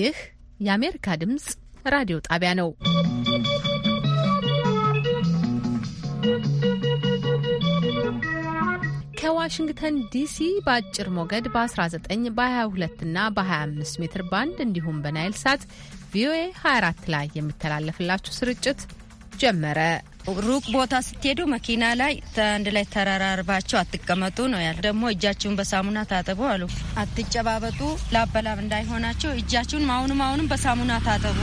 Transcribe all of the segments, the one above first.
ይህ የአሜሪካ ድምፅ ራዲዮ ጣቢያ ነው። ከዋሽንግተን ዲሲ በአጭር ሞገድ በ19 በ22 እና በ25 ሜትር ባንድ እንዲሁም በናይል ሳት ቪኦኤ 24 ላይ የሚተላለፍላችሁ ስርጭት ጀመረ። ሩቅ ቦታ ስትሄዱ መኪና ላይ አንድ ላይ ተራራርባቸው አትቀመጡ ነው ያለ። ደግሞ እጃችሁን በሳሙና ታጠቡ አሉ። አትጨባበጡ፣ ላበላብ እንዳይሆናቸው እጃችሁን አሁንም አሁንም በሳሙና ታጠቡ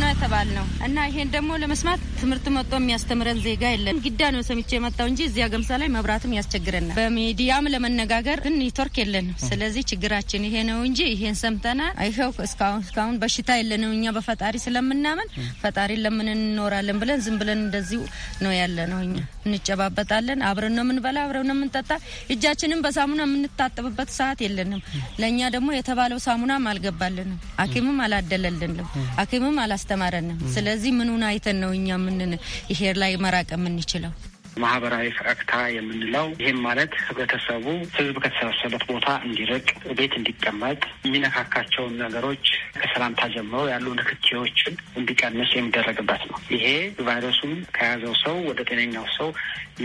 ነው ነው እና ይሄን ደግሞ ለመስማት ትምህርት መጥቶ የሚያስተምረን ዜጋ የለን። ግዳ ነው ሰምቼ የመጣው እንጂ እዚያ ገምሳ ላይ መብራትም ያስቸግረናል። በሚዲያም ለመነጋገር ግን ኔትወርክ የለንም። ስለዚህ ችግራችን ይሄ ነው እንጂ ይሄን ሰምተናል። ይኸው እስካሁን እስካሁን በሽታ የለንም። እኛ በፈጣሪ ስለምናምን ፈጣሪ ለምን እንኖራለን ብለን ዝም ብለን እንደዚሁ ነው ያለ ነው። እኛ እንጨባበጣለን፣ አብረን ነው የምንበላ፣ አብረን ነው የምንጠጣ። እጃችንም በሳሙና የምንታጠብበት ሰዓት የለንም። ለእኛ ደግሞ የተባለው ሳሙናም አልገባልንም፣ ሐኪምም አላደለልንም፣ ሐኪምም አላስ ያስተማረንም። ስለዚህ ምኑን አይተን ነው እኛ ምን ይሄር ላይ መራቅ የምንችለው? ማህበራዊ ፈረቅታ የምንለው ይህም ማለት ህብረተሰቡ ህዝብ ከተሰበሰበት ቦታ እንዲርቅ፣ ቤት እንዲቀመጥ፣ የሚነካካቸውን ነገሮች ከሰላምታ ጀምሮ ያሉ ንክኪዎችን እንዲቀንስ የሚደረግበት ነው። ይሄ ቫይረሱም ከያዘው ሰው ወደ ጤነኛው ሰው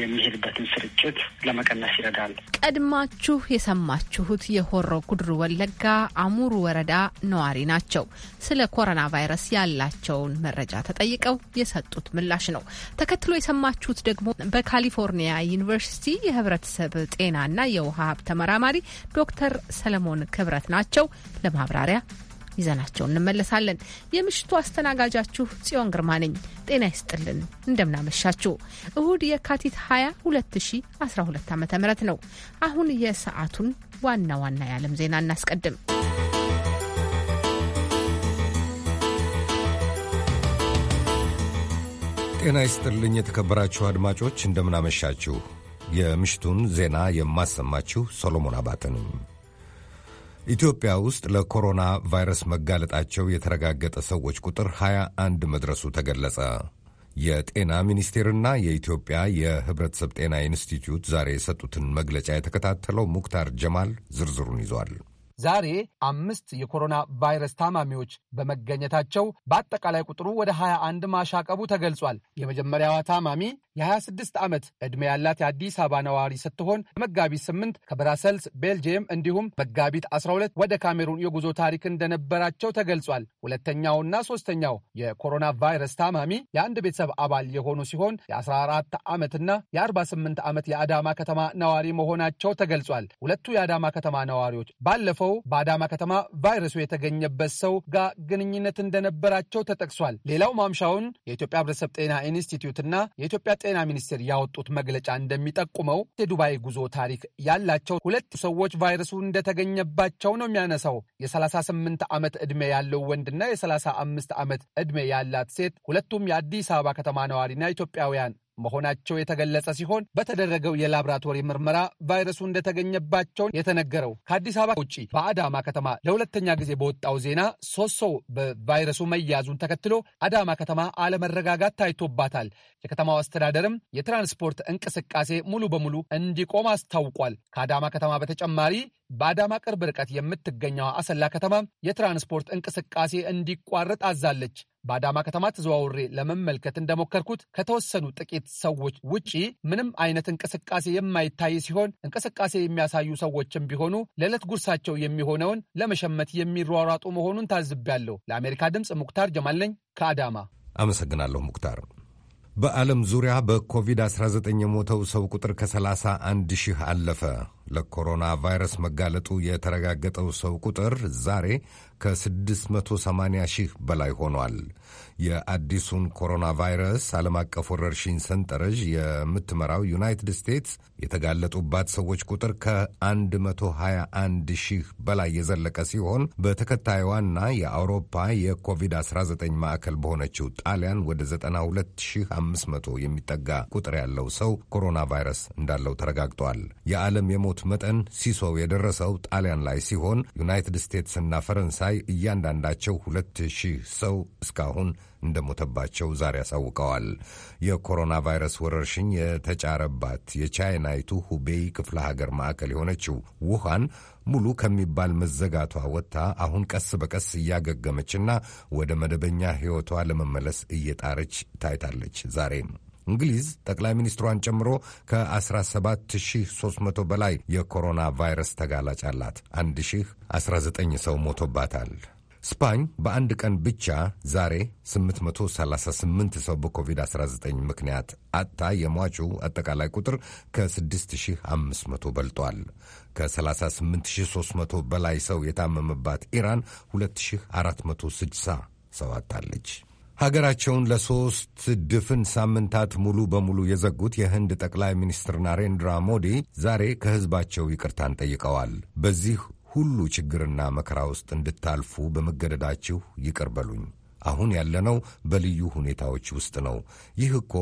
የሚሄድበትን ስርጭት ለመቀነስ ይረዳል። ቀድማችሁ የሰማችሁት የሆሮ ጉድሩ ወለጋ አሙሩ ወረዳ ነዋሪ ናቸው። ስለ ኮሮና ቫይረስ ያላቸውን መረጃ ተጠይቀው የሰጡት ምላሽ ነው። ተከትሎ የሰማችሁት ደግሞ በካሊፎርኒያ ዩኒቨርሲቲ የህብረተሰብ ጤናና የውሃ ሀብት ተመራማሪ ዶክተር ሰለሞን ክብረት ናቸው። ለማብራሪያ ይዘናቸው እንመለሳለን። የምሽቱ አስተናጋጃችሁ ጽዮን ግርማ ነኝ። ጤና ይስጥልን፣ እንደምናመሻችሁ። እሁድ የካቲት 20 2012 ዓ ም ነው። አሁን የሰዓቱን ዋና ዋና የዓለም ዜና እናስቀድም። ጤና ይስጥልኝ የተከበራችሁ አድማጮች እንደምናመሻችሁ። የምሽቱን ዜና የማሰማችሁ ሶሎሞን አባተ ነኝ። ኢትዮጵያ ውስጥ ለኮሮና ቫይረስ መጋለጣቸው የተረጋገጠ ሰዎች ቁጥር 21 መድረሱ ተገለጸ። የጤና ሚኒስቴርና የኢትዮጵያ የህብረተሰብ ጤና ኢንስቲትዩት ዛሬ የሰጡትን መግለጫ የተከታተለው ሙክታር ጀማል ዝርዝሩን ይዟል። ዛሬ አምስት የኮሮና ቫይረስ ታማሚዎች በመገኘታቸው በአጠቃላይ ቁጥሩ ወደ 21 ማሻቀቡ ተገልጿል። የመጀመሪያዋ ታማሚ የ26 ዓመት ዕድሜ ያላት የአዲስ አበባ ነዋሪ ስትሆን መጋቢት 8 ከብራሰልስ ቤልጅየም፣ እንዲሁም መጋቢት 12 ወደ ካሜሩን የጉዞ ታሪክ እንደነበራቸው ተገልጿል። ሁለተኛውና ሶስተኛው የኮሮና ቫይረስ ታማሚ የአንድ ቤተሰብ አባል የሆኑ ሲሆን የ14 ዓመትና የ48 ዓመት የአዳማ ከተማ ነዋሪ መሆናቸው ተገልጿል። ሁለቱ የአዳማ ከተማ ነዋሪዎች ባለፈው በአዳማ ከተማ ቫይረሱ የተገኘበት ሰው ጋር ግንኙነት እንደነበራቸው ተጠቅሷል። ሌላው ማምሻውን የኢትዮጵያ ሕብረተሰብ ጤና ኢንስቲትዩትና የኢትዮጵያ ጤና ሚኒስቴር ያወጡት መግለጫ እንደሚጠቁመው የዱባይ ጉዞ ታሪክ ያላቸው ሁለት ሰዎች ቫይረሱ እንደተገኘባቸው ነው የሚያነሳው። የ38 ዓመት ዕድሜ ያለው ወንድና የ35 ዓመት ዕድሜ ያላት ሴት ሁለቱም የአዲስ አበባ ከተማ ነዋሪና ኢትዮጵያውያን መሆናቸው የተገለጸ ሲሆን በተደረገው የላብራቶሪ ምርመራ ቫይረሱ እንደተገኘባቸውን የተነገረው ከአዲስ አበባ ውጭ በአዳማ ከተማ ለሁለተኛ ጊዜ በወጣው ዜና ሶስት ሰው በቫይረሱ መያዙን ተከትሎ አዳማ ከተማ አለመረጋጋት ታይቶባታል። የከተማው አስተዳደርም የትራንስፖርት እንቅስቃሴ ሙሉ በሙሉ እንዲቆም አስታውቋል። ከአዳማ ከተማ በተጨማሪ በአዳማ ቅርብ ርቀት የምትገኘው አሰላ ከተማ የትራንስፖርት እንቅስቃሴ እንዲቋረጥ አዛለች። በአዳማ ከተማ ተዘዋውሬ ለመመልከት እንደሞከርኩት ከተወሰኑ ጥቂት ሰዎች ውጪ ምንም አይነት እንቅስቃሴ የማይታይ ሲሆን እንቅስቃሴ የሚያሳዩ ሰዎችም ቢሆኑ ለዕለት ጉርሳቸው የሚሆነውን ለመሸመት የሚሯሯጡ መሆኑን ታዝቤያለሁ። ለአሜሪካ ድምፅ ሙክታር ጀማል ነኝ ከአዳማ አመሰግናለሁ። ሙክታር በዓለም ዙሪያ በኮቪድ-19 የሞተው ሰው ቁጥር ከ31 ሺህ አለፈ። ለኮሮና ቫይረስ መጋለጡ የተረጋገጠው ሰው ቁጥር ዛሬ ከ680 ሺህ በላይ ሆኗል። የአዲሱን ኮሮና ቫይረስ ዓለም አቀፍ ወረርሽኝ ሰንጠረዥ የምትመራው ዩናይትድ ስቴትስ የተጋለጡባት ሰዎች ቁጥር ከ121 ሺህ በላይ የዘለቀ ሲሆን በተከታዩዋና የአውሮፓ የኮቪድ-19 ማዕከል በሆነችው ጣሊያን ወደ 92500 የሚጠጋ ቁጥር ያለው ሰው ኮሮና ቫይረስ እንዳለው ተረጋግጧል። የዓለም የሞት መጠን ሲሶው የደረሰው ጣሊያን ላይ ሲሆን ዩናይትድ እና ፈረንሳይ እያንዳንዳቸው ሁለት ሺህ ሰው እስካሁን እንደሞተባቸው ዛሬ አሳውቀዋል። የኮሮና ቫይረስ ወረርሽኝ የተጫረባት የቻይናይቱ ሁቤይ ክፍለ ሀገር ማዕከል የሆነችው ውሃን ሙሉ ከሚባል መዘጋቷ ወጥታ አሁን ቀስ በቀስ እያገገመችና ወደ መደበኛ ሕይወቷ ለመመለስ እየጣረች ታይታለች። ዛሬ እንግሊዝ ጠቅላይ ሚኒስትሯን ጨምሮ ከ17300 በላይ የኮሮና ቫይረስ ተጋላጭ አላት። 1019 ሰው ሞቶባታል። ስፓኝ በአንድ ቀን ብቻ ዛሬ 838 ሰው በኮቪድ-19 ምክንያት አጥታ የሟቹ አጠቃላይ ቁጥር ከ6500 በልጧል። ከ38300 በላይ ሰው የታመመባት ኢራን 2460 ሰው አጥታለች። ሀገራቸውን ለሶስት ድፍን ሳምንታት ሙሉ በሙሉ የዘጉት የህንድ ጠቅላይ ሚኒስትር ናሬንድራ ሞዲ ዛሬ ከህዝባቸው ይቅርታን ጠይቀዋል። በዚህ ሁሉ ችግርና መከራ ውስጥ እንድታልፉ በመገደዳችሁ ይቅር በሉኝ። አሁን ያለነው በልዩ ሁኔታዎች ውስጥ ነው። ይህ እኮ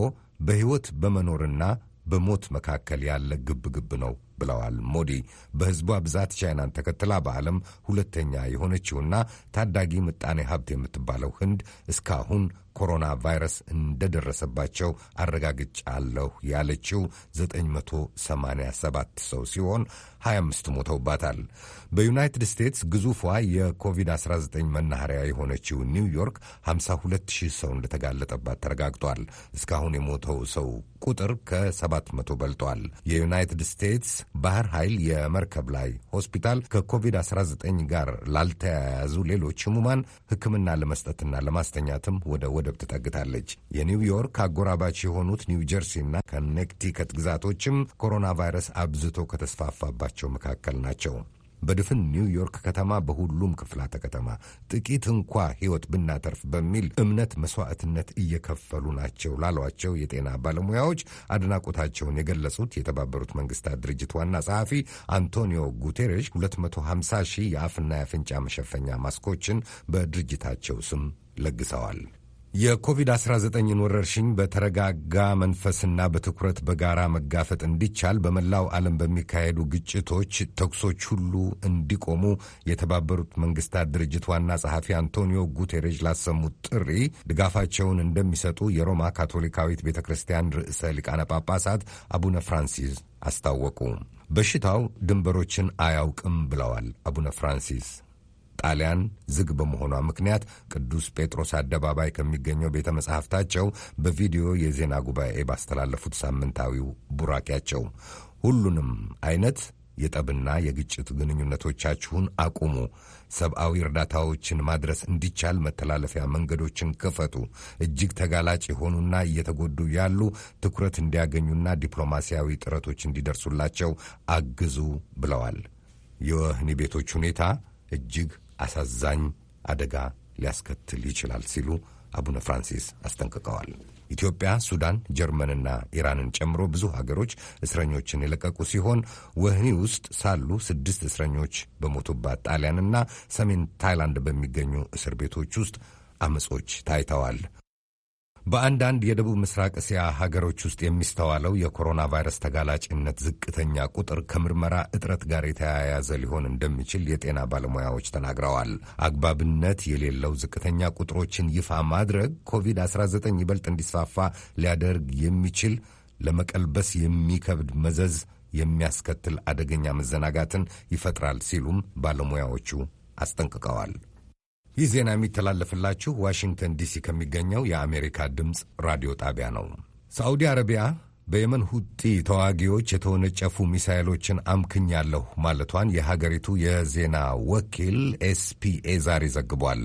በሕይወት በመኖርና በሞት መካከል ያለ ግብ ግብ ነው ብለዋል ሞዲ። በህዝቧ ብዛት ቻይናን ተከትላ በዓለም ሁለተኛ የሆነችውና ታዳጊ ምጣኔ ሀብት የምትባለው ህንድ እስካሁን ኮሮና ቫይረስ እንደደረሰባቸው አረጋግጫለሁ ያለችው 987 ሰው ሲሆን 25 ሞተውባታል። በዩናይትድ ስቴትስ ግዙፏ የኮቪድ-19 መናኸሪያ የሆነችው ኒውዮርክ 52000 ሰው እንደተጋለጠባት ተረጋግጧል። እስካሁን የሞተው ሰው ቁጥር ከ700 በልጧል። የዩናይትድ ስቴትስ ባህር ኃይል የመርከብ ላይ ሆስፒታል ከኮቪድ-19 ጋር ላልተያያዙ ሌሎች ህሙማን ሕክምና ለመስጠትና ለማስተኛትም ወደ ወደብ ትጠግታለች። የኒውዮርክ አጎራባች የሆኑት ኒውጀርሲና ከኔክቲከት ግዛቶችም ኮሮና ቫይረስ አብዝቶ ከተስፋፋባቸው መካከል ናቸው። በድፍን ኒውዮርክ ከተማ በሁሉም ክፍላተ ከተማ ጥቂት እንኳ ሕይወት ብናተርፍ በሚል እምነት መስዋዕትነት እየከፈሉ ናቸው ላሏቸው የጤና ባለሙያዎች አድናቆታቸውን የገለጹት የተባበሩት መንግስታት ድርጅት ዋና ጸሐፊ አንቶኒዮ ጉቴሬሽ 250 ሺህ የአፍና የአፍንጫ መሸፈኛ ማስኮችን በድርጅታቸው ስም ለግሰዋል። የኮቪድ-19ን ወረርሽኝ በተረጋጋ መንፈስና በትኩረት በጋራ መጋፈጥ እንዲቻል በመላው ዓለም በሚካሄዱ ግጭቶች፣ ተኩሶች ሁሉ እንዲቆሙ የተባበሩት መንግስታት ድርጅት ዋና ጸሐፊ አንቶኒዮ ጉቴሬዥ ላሰሙት ጥሪ ድጋፋቸውን እንደሚሰጡ የሮማ ካቶሊካዊት ቤተ ክርስቲያን ርዕሰ ሊቃነ ጳጳሳት አቡነ ፍራንሲስ አስታወቁ። በሽታው ድንበሮችን አያውቅም ብለዋል አቡነ ፍራንሲስ ጣሊያን ዝግ በመሆኗ ምክንያት ቅዱስ ጴጥሮስ አደባባይ ከሚገኘው ቤተ መጻሕፍታቸው በቪዲዮ የዜና ጉባኤ ባስተላለፉት ሳምንታዊው ቡራኪያቸው ሁሉንም አይነት የጠብና የግጭት ግንኙነቶቻችሁን አቁሙ፣ ሰብአዊ እርዳታዎችን ማድረስ እንዲቻል መተላለፊያ መንገዶችን ክፈቱ፣ እጅግ ተጋላጭ የሆኑና እየተጎዱ ያሉ ትኩረት እንዲያገኙና ዲፕሎማሲያዊ ጥረቶች እንዲደርሱላቸው አግዙ ብለዋል። የወህኒ ቤቶች ሁኔታ እጅግ አሳዛኝ አደጋ ሊያስከትል ይችላል ሲሉ አቡነ ፍራንሲስ አስጠንቅቀዋል። ኢትዮጵያ፣ ሱዳን፣ ጀርመንና ኢራንን ጨምሮ ብዙ ሀገሮች እስረኞችን የለቀቁ ሲሆን ወህኒ ውስጥ ሳሉ ስድስት እስረኞች በሞቱባት ጣሊያንና ሰሜን ታይላንድ በሚገኙ እስር ቤቶች ውስጥ አመጾች ታይተዋል። በአንዳንድ የደቡብ ምስራቅ እስያ ሀገሮች ውስጥ የሚስተዋለው የኮሮና ቫይረስ ተጋላጭነት ዝቅተኛ ቁጥር ከምርመራ እጥረት ጋር የተያያዘ ሊሆን እንደሚችል የጤና ባለሙያዎች ተናግረዋል። አግባብነት የሌለው ዝቅተኛ ቁጥሮችን ይፋ ማድረግ ኮቪድ-19 ይበልጥ እንዲስፋፋ ሊያደርግ የሚችል ለመቀልበስ የሚከብድ መዘዝ የሚያስከትል አደገኛ መዘናጋትን ይፈጥራል ሲሉም ባለሙያዎቹ አስጠንቅቀዋል። ይህ ዜና የሚተላለፍላችሁ ዋሽንግተን ዲሲ ከሚገኘው የአሜሪካ ድምፅ ራዲዮ ጣቢያ ነው። ሳዑዲ አረቢያ በየመን ሁጢ ተዋጊዎች የተወነጨፉ ሚሳይሎችን አምክኛለሁ ማለቷን የሀገሪቱ የዜና ወኪል ኤስፒኤ ዛሬ ዘግቧል።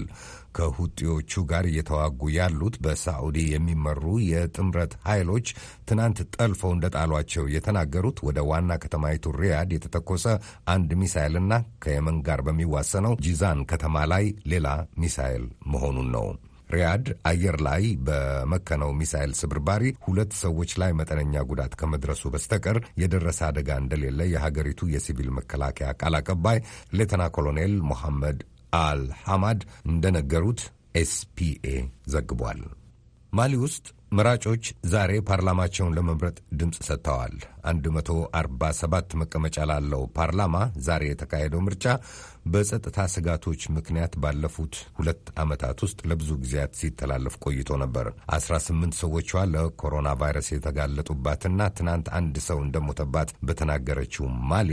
ከሁጤዎቹ ጋር እየተዋጉ ያሉት በሳዑዲ የሚመሩ የጥምረት ኃይሎች ትናንት ጠልፈው እንደጣሏቸው የተናገሩት ወደ ዋና ከተማይቱ ሪያድ የተተኮሰ አንድ ሚሳይልና ከየመን ጋር በሚዋሰነው ጂዛን ከተማ ላይ ሌላ ሚሳይል መሆኑን ነው። ሪያድ አየር ላይ በመከነው ሚሳይል ስብርባሪ ሁለት ሰዎች ላይ መጠነኛ ጉዳት ከመድረሱ በስተቀር የደረሰ አደጋ እንደሌለ የሀገሪቱ የሲቪል መከላከያ ቃል አቀባይ ሌተና ኮሎኔል ሞሐመድ አልሐማድ እንደነገሩት ኤስፒኤ ዘግቧል። ማሊ ውስጥ መራጮች ዛሬ ፓርላማቸውን ለመምረጥ ድምፅ ሰጥተዋል። 147 መቀመጫ ላለው ፓርላማ ዛሬ የተካሄደው ምርጫ በጸጥታ ስጋቶች ምክንያት ባለፉት ሁለት ዓመታት ውስጥ ለብዙ ጊዜያት ሲተላለፍ ቆይቶ ነበር። 18 ሰዎቿ ለኮሮና ቫይረስ የተጋለጡባትና ትናንት አንድ ሰው እንደሞተባት በተናገረችው ማሊ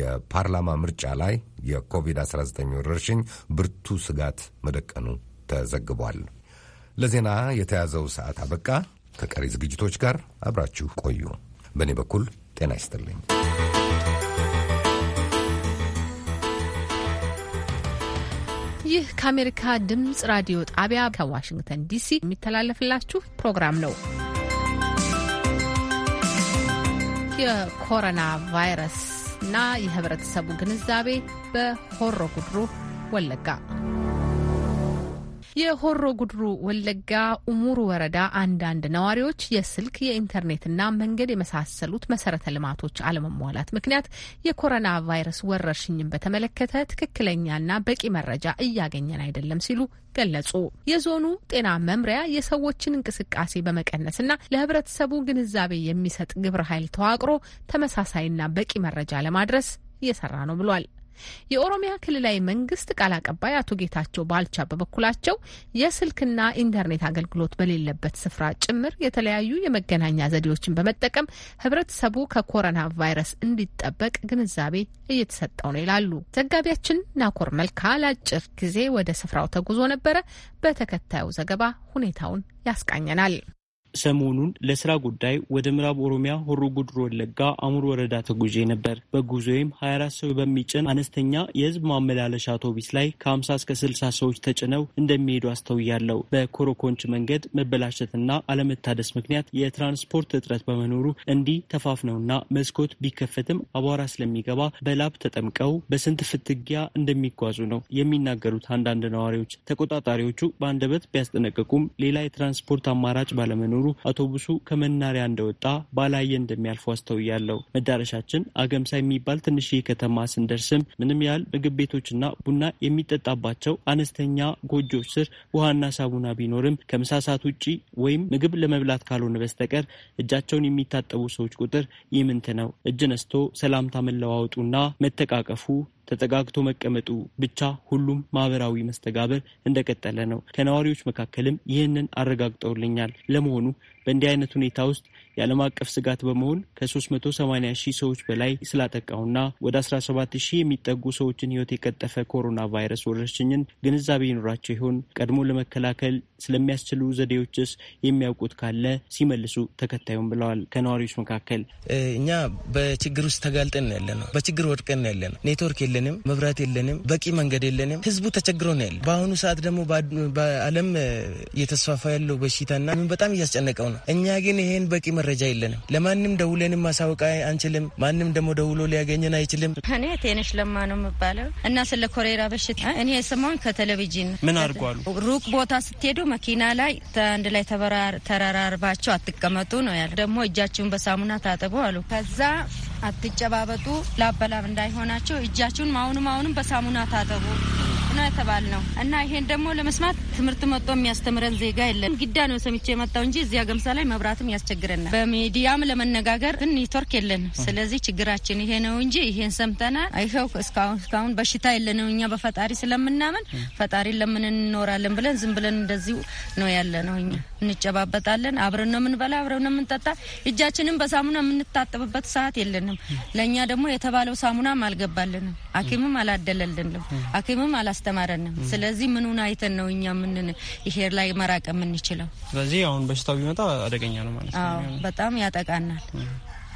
የፓርላማ ምርጫ ላይ የኮቪድ-19 ወረርሽኝ ብርቱ ስጋት መደቀኑ ተዘግቧል። ለዜና የተያዘው ሰዓት አበቃ። ከቀሪ ዝግጅቶች ጋር አብራችሁ ቆዩ። በእኔ በኩል ጤና ይስጥልኝ። ይህ ከአሜሪካ ድምፅ ራዲዮ ጣቢያ ከዋሽንግተን ዲሲ የሚተላለፍላችሁ ፕሮግራም ነው። የኮሮና ቫይረስ እና የህብረተሰቡ ግንዛቤ በሆሮ ጉድሩ ወለጋ የሆሮ ጉድሩ ወለጋ ኡሙሩ ወረዳ አንዳንድ ነዋሪዎች የስልክ የኢንተርኔትና መንገድ የመሳሰሉት መሰረተ ልማቶች አለመሟላት ምክንያት የኮሮና ቫይረስ ወረርሽኝን በተመለከተ ትክክለኛና በቂ መረጃ እያገኘን አይደለም ሲሉ ገለጹ። የዞኑ ጤና መምሪያ የሰዎችን እንቅስቃሴ በመቀነስና ለህብረተሰቡ ግንዛቤ የሚሰጥ ግብረ ኃይል ተዋቅሮ ተመሳሳይና በቂ መረጃ ለማድረስ እየሰራ ነው ብሏል። የኦሮሚያ ክልላዊ መንግስት ቃል አቀባይ አቶ ጌታቸው ባልቻ በበኩላቸው የስልክና ኢንተርኔት አገልግሎት በሌለበት ስፍራ ጭምር የተለያዩ የመገናኛ ዘዴዎችን በመጠቀም ህብረተሰቡ ከኮሮና ቫይረስ እንዲጠበቅ ግንዛቤ እየተሰጠው ነው ይላሉ። ዘጋቢያችን ናኮር መልካ ለአጭር ጊዜ ወደ ስፍራው ተጉዞ ነበረ። በተከታዩ ዘገባ ሁኔታውን ያስቃኘናል። ሰሞኑን ለስራ ጉዳይ ወደ ምዕራብ ኦሮሚያ ሆሮ ጉድሮ ወለጋ አሙር ወረዳ ተጉዤ ነበር። በጉዞዬም 24 ሰው በሚጭን አነስተኛ የህዝብ ማመላለሻ አውቶቢስ ላይ ከ50 እስከ 60 ሰዎች ተጭነው እንደሚሄዱ አስተውያለሁ። በኮሮኮንች መንገድ መበላሸትና አለመታደስ ምክንያት የትራንስፖርት እጥረት በመኖሩ እንዲህ ተፋፍነውና መስኮት ቢከፈትም አቧራ ስለሚገባ በላብ ተጠምቀው በስንት ፍትጊያ እንደሚጓዙ ነው የሚናገሩት አንዳንድ ነዋሪዎች። ተቆጣጣሪዎቹ በአንደበት ቢያስጠነቅቁም ሌላ የትራንስፖርት አማራጭ ባለመኖሩ በመኖሩ አውቶቡሱ ከመናሪያ እንደወጣ ባላየ እንደሚያልፉ አስተውያለሁ። መዳረሻችን አገምሳ የሚባል ትንሽ ከተማ ስንደርስም ምንም ያህል ምግብ ቤቶችና ቡና የሚጠጣባቸው አነስተኛ ጎጆች ስር ውሃና ሳቡና ቢኖርም ከምሳሳት ውጪ ወይም ምግብ ለመብላት ካልሆነ በስተቀር እጃቸውን የሚታጠቡ ሰዎች ቁጥር ይምንት ነው። እጅ ነስቶ ሰላምታ መለዋወጡና መተቃቀፉ ተጠጋግቶ መቀመጡ ብቻ ሁሉም ማህበራዊ መስተጋብር እንደቀጠለ ነው። ከነዋሪዎች መካከልም ይህንን አረጋግጠውልኛል። ለመሆኑ በእንዲህ አይነት ሁኔታ ውስጥ የዓለም አቀፍ ስጋት በመሆን ከ380 ሺህ ሰዎች በላይ ስላጠቃውና ወደ 17 ሺህ የሚጠጉ ሰዎችን ህይወት የቀጠፈ ኮሮና ቫይረስ ወረርሽኝን ግንዛቤ ይኖራቸው ይሆን? ቀድሞ ለመከላከል ስለሚያስችሉ ዘዴዎችስ የሚያውቁት ካለ ሲመልሱ ተከታዩም ብለዋል። ከነዋሪዎች መካከል እኛ በችግር ውስጥ ተጋልጠን ነው ያለ ነው። በችግር ወድቀን ነው ያለ ነው። ኔትወርክ የለንም፣ መብራት የለንም፣ በቂ መንገድ የለንም። ህዝቡ ተቸግሮ ነው ያለ። በአሁኑ ሰዓት ደግሞ በዓለም እየተስፋፋ ያለው በሽታና በጣም እያስጨነቀው ነው። እኛ ግን ይሄን በቂ መረጃ የለንም። ለማንም ደውለንም ማሳወቅ አንችልም። ማንም ደግሞ ደውሎ ሊያገኘን አይችልም። እኔ ቴነሽ ለማ ነው የምባለው እና ስለ ኮሌራ በሽታ እኔ ስሞን ከቴሌቪዥን ምን አድርጓሉ። ሩቅ ቦታ ስትሄዱ መኪና ላይ አንድ ላይ ተራራርባቸው አትቀመጡ ነው ያለ። ደግሞ እጃችሁን በሳሙና ታጠቡ አሉ። ከዛ አትጨባበጡ ላበላብ እንዳይሆናቸው እጃችሁን አሁንም አሁንም በሳሙና ታጠቡ ነው የተባልነው እና ይሄን ደግሞ ለመስማት ትምህርት መጥቶ የሚያስተምረን ዜጋ የለን። ግዳ ነው ሰምቼ የመጣው እንጂ እዚያ ገምሳ ላይ መብራትም ያስቸግረናል። በሚዲያም ለመነጋገር ኔትወርክ የለንም። ስለዚህ ችግራችን ይሄ ነው እንጂ ይሄን ሰምተናል። ይኸው እስካሁን እስካሁን በሽታ የለንም። እኛ በፈጣሪ ስለምናምን ፈጣሪ ለምን እንኖራለን ብለን ዝም ብለን እንደዚሁ ነው ያለ ነው እኛ እንጨባበጣለን፣ አብረን ነው የምንበላ፣ አብረን ነው የምንጠጣ። እጃችንን በሳሙና የምንታጠብበት ሰዓት የለንም። ለእኛ ደግሞ የተባለው ሳሙናም አልገባልንም፣ ሐኪምም አላደለልንም፣ ሐኪምም አላስተማረንም። ስለዚህ ምኑን አይተን ነው እኛ ምን ይሄር ላይ መራቅ የምንችለው? ስለዚህ አሁን በሽታው ቢመጣ አደገኛ ነው ማለት ነው። በጣም ያጠቃናል።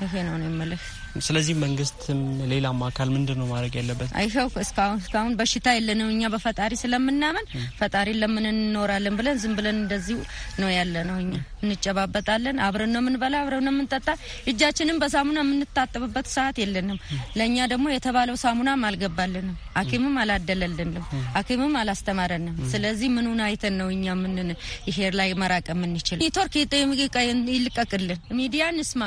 ይሄ ነው ነው የምልህ ስለዚህ መንግስትም ሌላም አካል ምንድን ነው ማድረግ ያለበት? አይሻው እስካሁን እስካሁን በሽታ የለንም እኛ በፈጣሪ ስለምናምን ፈጣሪ ለምን እንኖራለን ብለን ዝም ብለን እንደዚሁ ነው ያለ ነው። እኛ እንጨባበጣለን፣ አብረን ነው የምንበላ፣ አብረን ነው የምንጠጣ። እጃችንም በሳሙና የምንታጠብበት ሰዓት የለንም። ለእኛ ደግሞ የተባለው ሳሙናም አልገባልንም፣ ሐኪምም አላደለልንም፣ ሐኪምም አላስተማረንም። ስለዚህ ምኑን አይተን ነው እኛ ምንን ይሄር ላይ መራቅ የምንችል? ኔትወርክ ይልቀቅልን፣ ሚዲያ እንስማ፣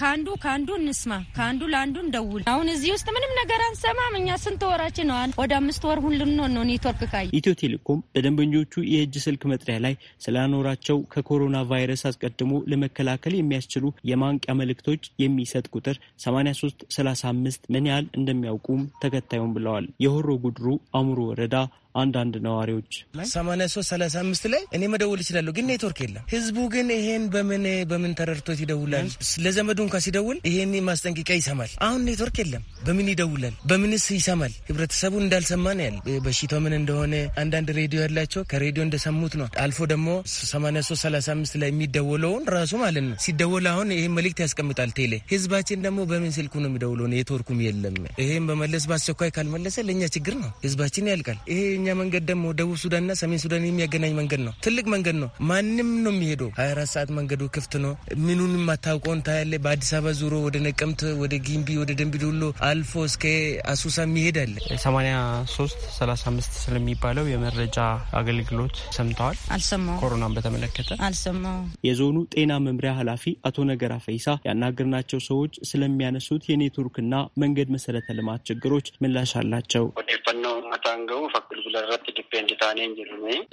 ከአንዱ ከአንዱ እንስማ አንዱ ለአንዱ እንደውል። አሁን እዚህ ውስጥ ምንም ነገር አንሰማም። እኛ ስንት ወራችን ነዋል? ወደ አምስት ወር ልንሆን ነው ኔትወርክ ካይ ኢትዮ ቴሌኮም በደንበኞቹ የእጅ ስልክ መጥሪያ ላይ ስላኖራቸው ከኮሮና ቫይረስ አስቀድሞ ለመከላከል የሚያስችሉ የማንቂያ መልእክቶች የሚሰጥ ቁጥር 8335 ምን ያህል እንደሚያውቁም ተከታዩም ብለዋል። የሆሮ ጉድሩ አምሮ ወረዳ አንዳንድ ነዋሪዎች ሰማንያ ሶስት ሰላሳ አምስት ላይ እኔ መደወል ይችላለሁ፣ ግን ኔትወርክ የለም። ህዝቡ ግን ይሄን በምን በምን ተረድቶት ይደውላል? ለዘመዱ እንኳ ሲደውል ይሄን ማስጠንቀቂያ ይሰማል። አሁን ኔትወርክ የለም፣ በምን ይደውላል? በምንስ ይሰማል? ህብረተሰቡ እንዳልሰማ ነው ያለ። በሽታው ምን እንደሆነ አንዳንድ ሬዲዮ ያላቸው ከሬዲዮ እንደሰሙት ነው። አልፎ ደግሞ 8335 ሶስት ሰላሳ አምስት ላይ የሚደወለውን ራሱ ማለት ነው ሲደወል አሁን ይህ መልእክት ያስቀምጣል ቴሌ። ህዝባችን ደግሞ በምን ስልኩ ነው የሚደውለው? ኔትወርኩም የለም። ይሄን በመለስ በአስቸኳይ ካልመለሰ ለእኛ ችግር ነው፣ ህዝባችን ያልቃል። ይሄ መገናኛ መንገድ ደግሞ ደቡብ ሱዳንና ሰሜን ሱዳን የሚያገናኝ መንገድ ነው። ትልቅ መንገድ ነው። ማንም ነው የሚሄደው። ሀያ አራት ሰዓት መንገዱ ክፍት ነው። ምኑን የማታውቀውን ታያለ። በአዲስ አበባ ዙሮ ወደ ነቀምት፣ ወደ ጊምቢ፣ ወደ ደንቢዶሎ አልፎ እስከ አሱሳ የሚሄድ አለ። ሰማኒያ ሶስት ሰላሳ አምስት ስለሚባለው የመረጃ አገልግሎት ሰምተዋል? አልሰማሁም። ኮሮናን በተመለከተ አልሰማሁም። የዞኑ ጤና መምሪያ ኃላፊ አቶ ነገራ ፈይሳ ያናገርናቸው ሰዎች ስለሚያነሱት የኔትወርክና መንገድ መሰረተ ልማት ችግሮች ምላሽ አላቸው።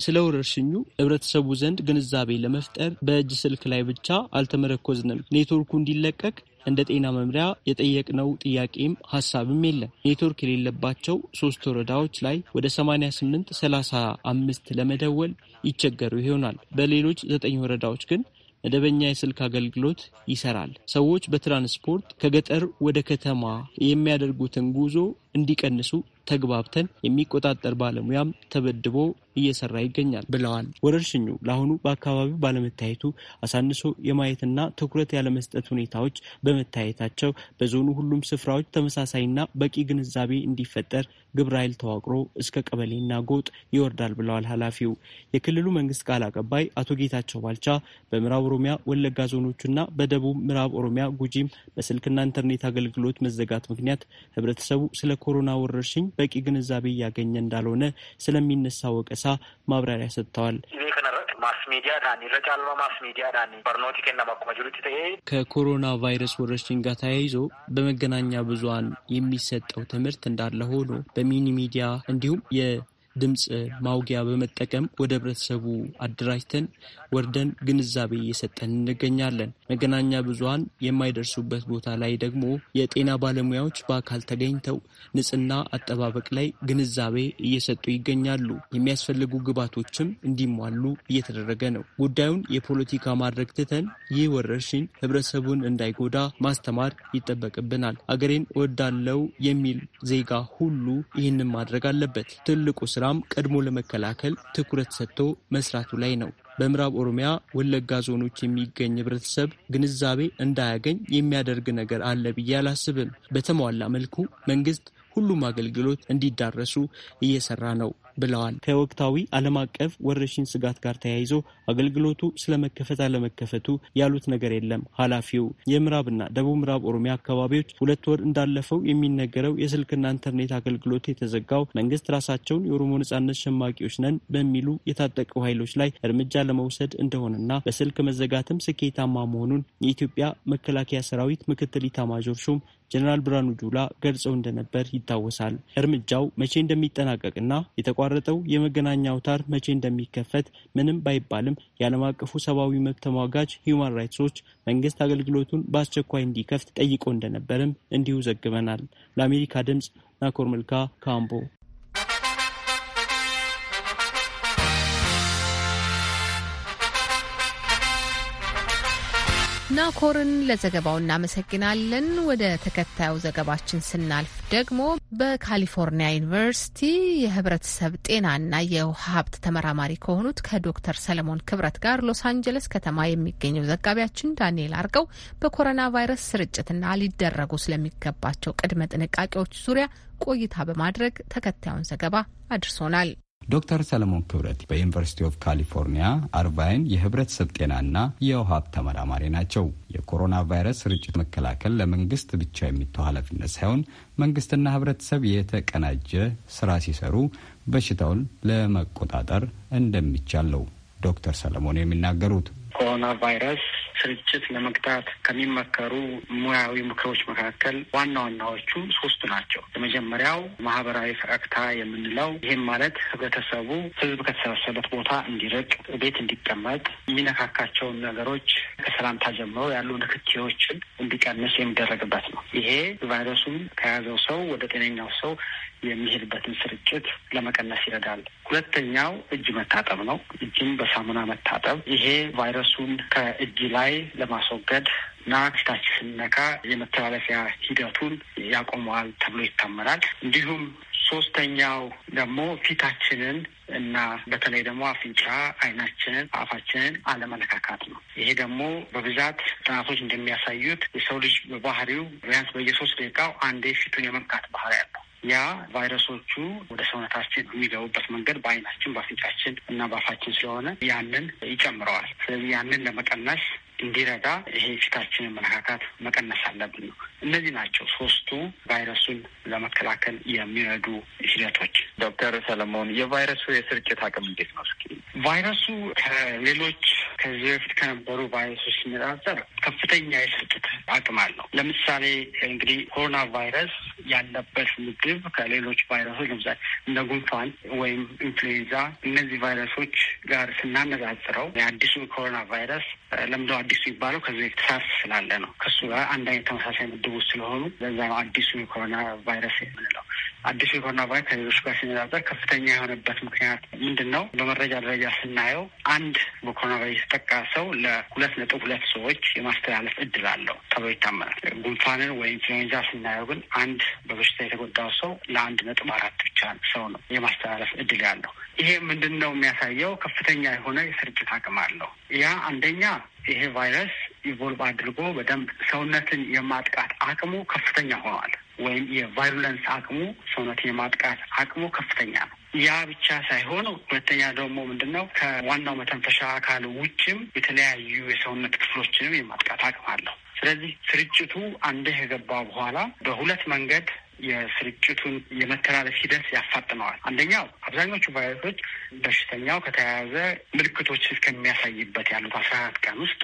ስለ ወረርሽኙ ህብረተሰቡ ዘንድ ግንዛቤ ለመፍጠር በእጅ ስልክ ላይ ብቻ አልተመረኮዝንም። ኔትወርኩ እንዲለቀቅ እንደ ጤና መምሪያ የጠየቅነው ጥያቄም ሀሳብም የለም። ኔትወርክ የሌለባቸው ሶስት ወረዳዎች ላይ ወደ 88 35 ለመደወል ይቸገሩ ይሆናል። በሌሎች ዘጠኝ ወረዳዎች ግን መደበኛ የስልክ አገልግሎት ይሰራል። ሰዎች በትራንስፖርት ከገጠር ወደ ከተማ የሚያደርጉትን ጉዞ እንዲቀንሱ ተግባብተን የሚቆጣጠር ባለሙያም ተበድቦ እየሰራ ይገኛል ብለዋል። ወረርሽኙ ለአሁኑ በአካባቢው ባለመታየቱ አሳንሶ የማየትና ትኩረት ያለመስጠት ሁኔታዎች በመታየታቸው በዞኑ ሁሉም ስፍራዎች ተመሳሳይና በቂ ግንዛቤ እንዲፈጠር ግብረ ኃይል ተዋቅሮ እስከ ቀበሌና ጎጥ ይወርዳል ብለዋል ኃላፊው። የክልሉ መንግስት ቃል አቀባይ አቶ ጌታቸው ባልቻ በምዕራብ ኦሮሚያ ወለጋ ዞኖችና በደቡብ ምዕራብ ኦሮሚያ ጉጂም በስልክና ኢንተርኔት አገልግሎት መዘጋት ምክንያት ህብረተሰቡ ስለ የኮሮና ወረርሽኝ በቂ ግንዛቤ እያገኘ እንዳልሆነ ስለሚነሳ ወቀሳ ማብራሪያ ሰጥተዋል። ከኮሮና ቫይረስ ወረርሽኝ ጋር ተያይዞ በመገናኛ ብዙኃን የሚሰጠው ትምህርት እንዳለ ሆኖ በሚኒ ሚዲያ እንዲሁም ድምፅ ማውጊያ በመጠቀም ወደ ህብረተሰቡ አደራጅተን ወርደን ግንዛቤ እየሰጠን እንገኛለን። መገናኛ ብዙሀን የማይደርሱበት ቦታ ላይ ደግሞ የጤና ባለሙያዎች በአካል ተገኝተው ንጽህና አጠባበቅ ላይ ግንዛቤ እየሰጡ ይገኛሉ። የሚያስፈልጉ ግብዓቶችም እንዲሟሉ እየተደረገ ነው። ጉዳዩን የፖለቲካ ማድረግ ትተን ይህ ወረርሽኝ ህብረተሰቡን እንዳይጎዳ ማስተማር ይጠበቅብናል። አገሬን ወዳለው የሚል ዜጋ ሁሉ ይህንን ማድረግ አለበት። ትልቁ ስራ ስራም ቀድሞ ለመከላከል ትኩረት ሰጥቶ መስራቱ ላይ ነው። በምዕራብ ኦሮሚያ ወለጋ ዞኖች የሚገኝ ህብረተሰብ ግንዛቤ እንዳያገኝ የሚያደርግ ነገር አለ ብዬ አላስብም። በተሟላ መልኩ መንግስት ሁሉም አገልግሎት እንዲዳረሱ እየሰራ ነው። ብለዋል። ከወቅታዊ ዓለም አቀፍ ወረርሽኝ ስጋት ጋር ተያይዞ አገልግሎቱ ስለመከፈት አለመከፈቱ ያሉት ነገር የለም። ኃላፊው የምዕራብና ደቡብ ምዕራብ ኦሮሚያ አካባቢዎች ሁለት ወር እንዳለፈው የሚነገረው የስልክና ኢንተርኔት አገልግሎት የተዘጋው መንግስት ራሳቸውን የኦሮሞ ነጻነት ሸማቂዎች ነን በሚሉ የታጠቁ ኃይሎች ላይ እርምጃ ለመውሰድ እንደሆነና በስልክ መዘጋትም ስኬታማ መሆኑን የኢትዮጵያ መከላከያ ሰራዊት ምክትል ኢታማዦር ሹም ጀኔራል ብርሃኑ ጁላ ገልጸው እንደነበር ይታወሳል። እርምጃው መቼ እንደሚጠናቀቅና የተቋረጠው የመገናኛ አውታር መቼ እንደሚከፈት ምንም ባይባልም የዓለም አቀፉ ሰብአዊ መብት ተሟጋች ሂዩማን ራይትስ ዎች መንግስት አገልግሎቱን በአስቸኳይ እንዲከፍት ጠይቆ እንደነበርም እንዲሁ ዘግበናል። ለአሜሪካ ድምፅ ናኮር መልካ ካምቦ ናኮርን ለዘገባው እናመሰግናለን። ወደ ተከታዩ ዘገባችን ስናልፍ ደግሞ በካሊፎርኒያ ዩኒቨርሲቲ የህብረተሰብ ጤናና የውሃ ሀብት ተመራማሪ ከሆኑት ከዶክተር ሰለሞን ክብረት ጋር ሎስ አንጀለስ ከተማ የሚገኘው ዘጋቢያችን ዳንኤል አርገው በኮሮና ቫይረስ ስርጭትና ሊደረጉ ስለሚገባቸው ቅድመ ጥንቃቄዎች ዙሪያ ቆይታ በማድረግ ተከታዩን ዘገባ አድርሶናል። ዶክተር ሰለሞን ክብረት በዩኒቨርሲቲ ኦፍ ካሊፎርኒያ አርቫይን የህብረተሰብ ጤናና የውሃ ሀብት ተመራማሪ ናቸው። የኮሮና ቫይረስ ስርጭት መከላከል ለመንግስት ብቻ የሚተው ኃላፊነት ሳይሆን መንግስትና ህብረተሰብ የተቀናጀ ስራ ሲሰሩ በሽታውን ለመቆጣጠር እንደሚቻል ነው ዶክተር ሰለሞን የሚናገሩት። ኮሮና ቫይረስ ስርጭት ለመግታት ከሚመከሩ ሙያዊ ምክሮች መካከል ዋና ዋናዎቹ ሶስቱ ናቸው። የመጀመሪያው ማህበራዊ ፈቀግታ የምንለው ይህም ማለት ህብረተሰቡ ህዝብ ከተሰበሰበት ቦታ እንዲርቅ፣ ቤት እንዲቀመጥ፣ የሚነካካቸውን ነገሮች ከሰላምታ ጀምሮ ያሉ ንክኪዎችን እንዲቀንስ የሚደረግበት ነው። ይሄ ቫይረሱን ከያዘው ሰው ወደ ጤነኛው ሰው የሚሄድበትን ስርጭት ለመቀነስ ይረዳል። ሁለተኛው እጅ መታጠብ ነው። እጅም በሳሙና መታጠብ ይሄ ቫይረሱን ከእጅ ላይ ለማስወገድ እና ፊታችን ስንነካ የመተላለፊያ ሂደቱን ያቆመዋል ተብሎ ይታመናል። እንዲሁም ሶስተኛው ደግሞ ፊታችንን እና በተለይ ደግሞ አፍንጫ፣ አይናችንን፣ አፋችንን አለመለካካት ነው። ይሄ ደግሞ በብዛት ጥናቶች እንደሚያሳዩት የሰው ልጅ በባህሪው ቢያንስ በየሶስት ደቂቃው አንዴ ፊቱን የመንካት ባህሪ ያለው ያ ቫይረሶቹ ወደ ሰውነታችን የሚገቡበት መንገድ በአይናችን፣ በአፍንጫችን እና በአፋችን ስለሆነ ያንን ይጨምረዋል። ስለዚህ ያንን ለመቀነስ እንዲረዳ ይሄ ፊታችንን መነካካት መቀነስ አለብን ነው። እነዚህ ናቸው ሶስቱ ቫይረሱን ለመከላከል የሚረዱ ሂደቶች። ዶክተር ሰለሞን የቫይረሱ የስርጭት አቅም እንዴት ነው? እስኪ ቫይረሱ ከሌሎች ከዚህ በፊት ከነበሩ ቫይረሶች ሲነጻጸር ከፍተኛ የስርጭት አቅም አለው። ለምሳሌ እንግዲህ ኮሮና ቫይረስ ያለበት ምግብ ከሌሎች ቫይረሶች ለምሳሌ እንደ ጉንፋን ወይም ኢንፍሉዌንዛ እነዚህ ቫይረሶች ጋር ስናነጻጽረው የአዲሱ ኮሮና ቫይረስ ለምዶ አዲሱ ይባለው ከዚህ ተሳስ ስላለ ነው። ከሱ ጋር አንድ አይነት ተመሳሳይ ምድቡ ስለሆኑ ለዛ ነው አዲሱ የኮሮና ቫይረስ የምንለው። አዲሱ የኮሮና ቫይረስ ከሌሎች ጋር ሲነጻጸር ከፍተኛ የሆነበት ምክንያት ምንድን ነው? በመረጃ ደረጃ ስናየው አንድ በኮሮና ቫይረስ የተጠቃ ሰው ለሁለት ነጥብ ሁለት ሰዎች የማስተላለፍ እድል አለው ተብሎ ይታመናል። ጉንፋንን ወይ ኢንፍሉዌንዛ ስናየው ግን አንድ በበሽታ የተጎዳው ሰው ለአንድ ነጥብ አራት ብቻ ሰው ነው የማስተላለፍ እድል ያለው። ይሄ ምንድን ነው የሚያሳየው? ከፍተኛ የሆነ የስርጭት አቅም አለው። ያ አንደኛ ይሄ ቫይረስ ኢቮልቭ አድርጎ በደንብ ሰውነትን የማጥቃት አቅሙ ከፍተኛ ሆኗል። ወይም የቫይሩለንስ አቅሙ ሰውነትን የማጥቃት አቅሙ ከፍተኛ ነው። ያ ብቻ ሳይሆን ሁለተኛ ደግሞ ምንድን ነው ከዋናው መተንፈሻ አካል ውጭም የተለያዩ የሰውነት ክፍሎችንም የማጥቃት አቅም አለው። ስለዚህ ስርጭቱ አንዴ የገባ በኋላ በሁለት መንገድ የስርጭቱን የመተላለፍ ሂደት ያፋጥነዋል። አንደኛው አብዛኞቹ ቫይረሶች በሽተኛው ከተያያዘ ምልክቶች እስከሚያሳይበት ያሉት አስራ አራት ቀን ውስጥ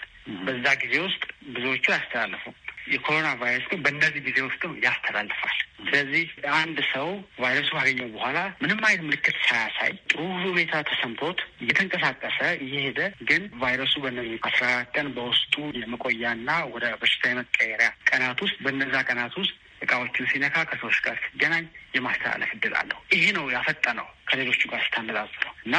በዛ ጊዜ ውስጥ ብዙዎቹ ያስተላልፉ የኮሮና ቫይረስ ግን በእነዚህ ጊዜ ውስጥም ያስተላልፋል። ስለዚህ አንድ ሰው ቫይረሱ ካገኘው በኋላ ምንም አይነት ምልክት ሳያሳይ ጥሩ ሁኔታ ተሰምቶት እየተንቀሳቀሰ እየሄደ ግን ቫይረሱ በእነዚህ አስራ አራት ቀን በውስጡ የመቆያና ወደ በሽታ የመቀየሪያ ቀናት ውስጥ በነዛ ቀናት ውስጥ እቃዎችን ሲነካ ከሰዎች ጋር ሲገናኝ የማስተላለፍ እድል አለው። ይሄ ነው ያፈጠነው ከሌሎቹ ጋር ስታነጻጽረው እና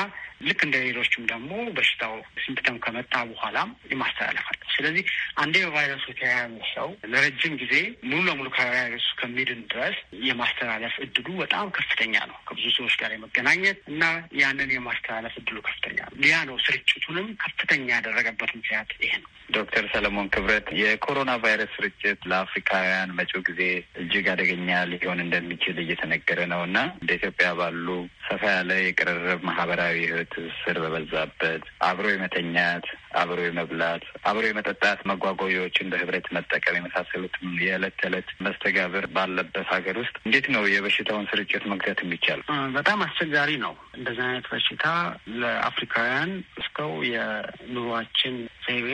ልክ እንደ ሌሎችም ደግሞ በሽታው ሲምፕተም ከመጣ በኋላም የማስተላለፍ አለው። ስለዚህ አንዴ በቫይረሱ የተያያዘ ሰው ለረጅም ጊዜ ሙሉ ለሙሉ ከቫይረሱ ከሚድን ድረስ የማስተላለፍ እድሉ በጣም ከፍተኛ ነው። ከብዙ ሰዎች ጋር የመገናኘት እና ያንን የማስተላለፍ እድሉ ከፍተኛ ነው። ያ ነው ስርጭቱንም ከፍተኛ ያደረገበት ምክንያት ይሄ ነው። ዶክተር ሰለሞን ክብረት የኮሮና ቫይረስ ስርጭት ለአፍሪካውያን መጪው ጊዜ እጅግ አደገኛ ሊሆን እንደሚችል እየተ እየተነገረ ነው እና እንደ ኢትዮጵያ ባሉ ሰፋ ያለ የቅርርብ ማህበራዊ ህይወት ትስስር በበዛበት አብሮ የመተኛት፣ አብሮ የመብላት፣ አብሮ የመጠጣት፣ መጓጓዣዎችን በህብረት መጠቀም የመሳሰሉት የዕለት ተዕለት መስተጋብር ባለበት ሀገር ውስጥ እንዴት ነው የበሽታውን ስርጭት መግታት የሚቻል? በጣም አስቸጋሪ ነው። እንደዚህ አይነት በሽታ ለአፍሪካውያን እስከው የኑሯችን ዘይቤ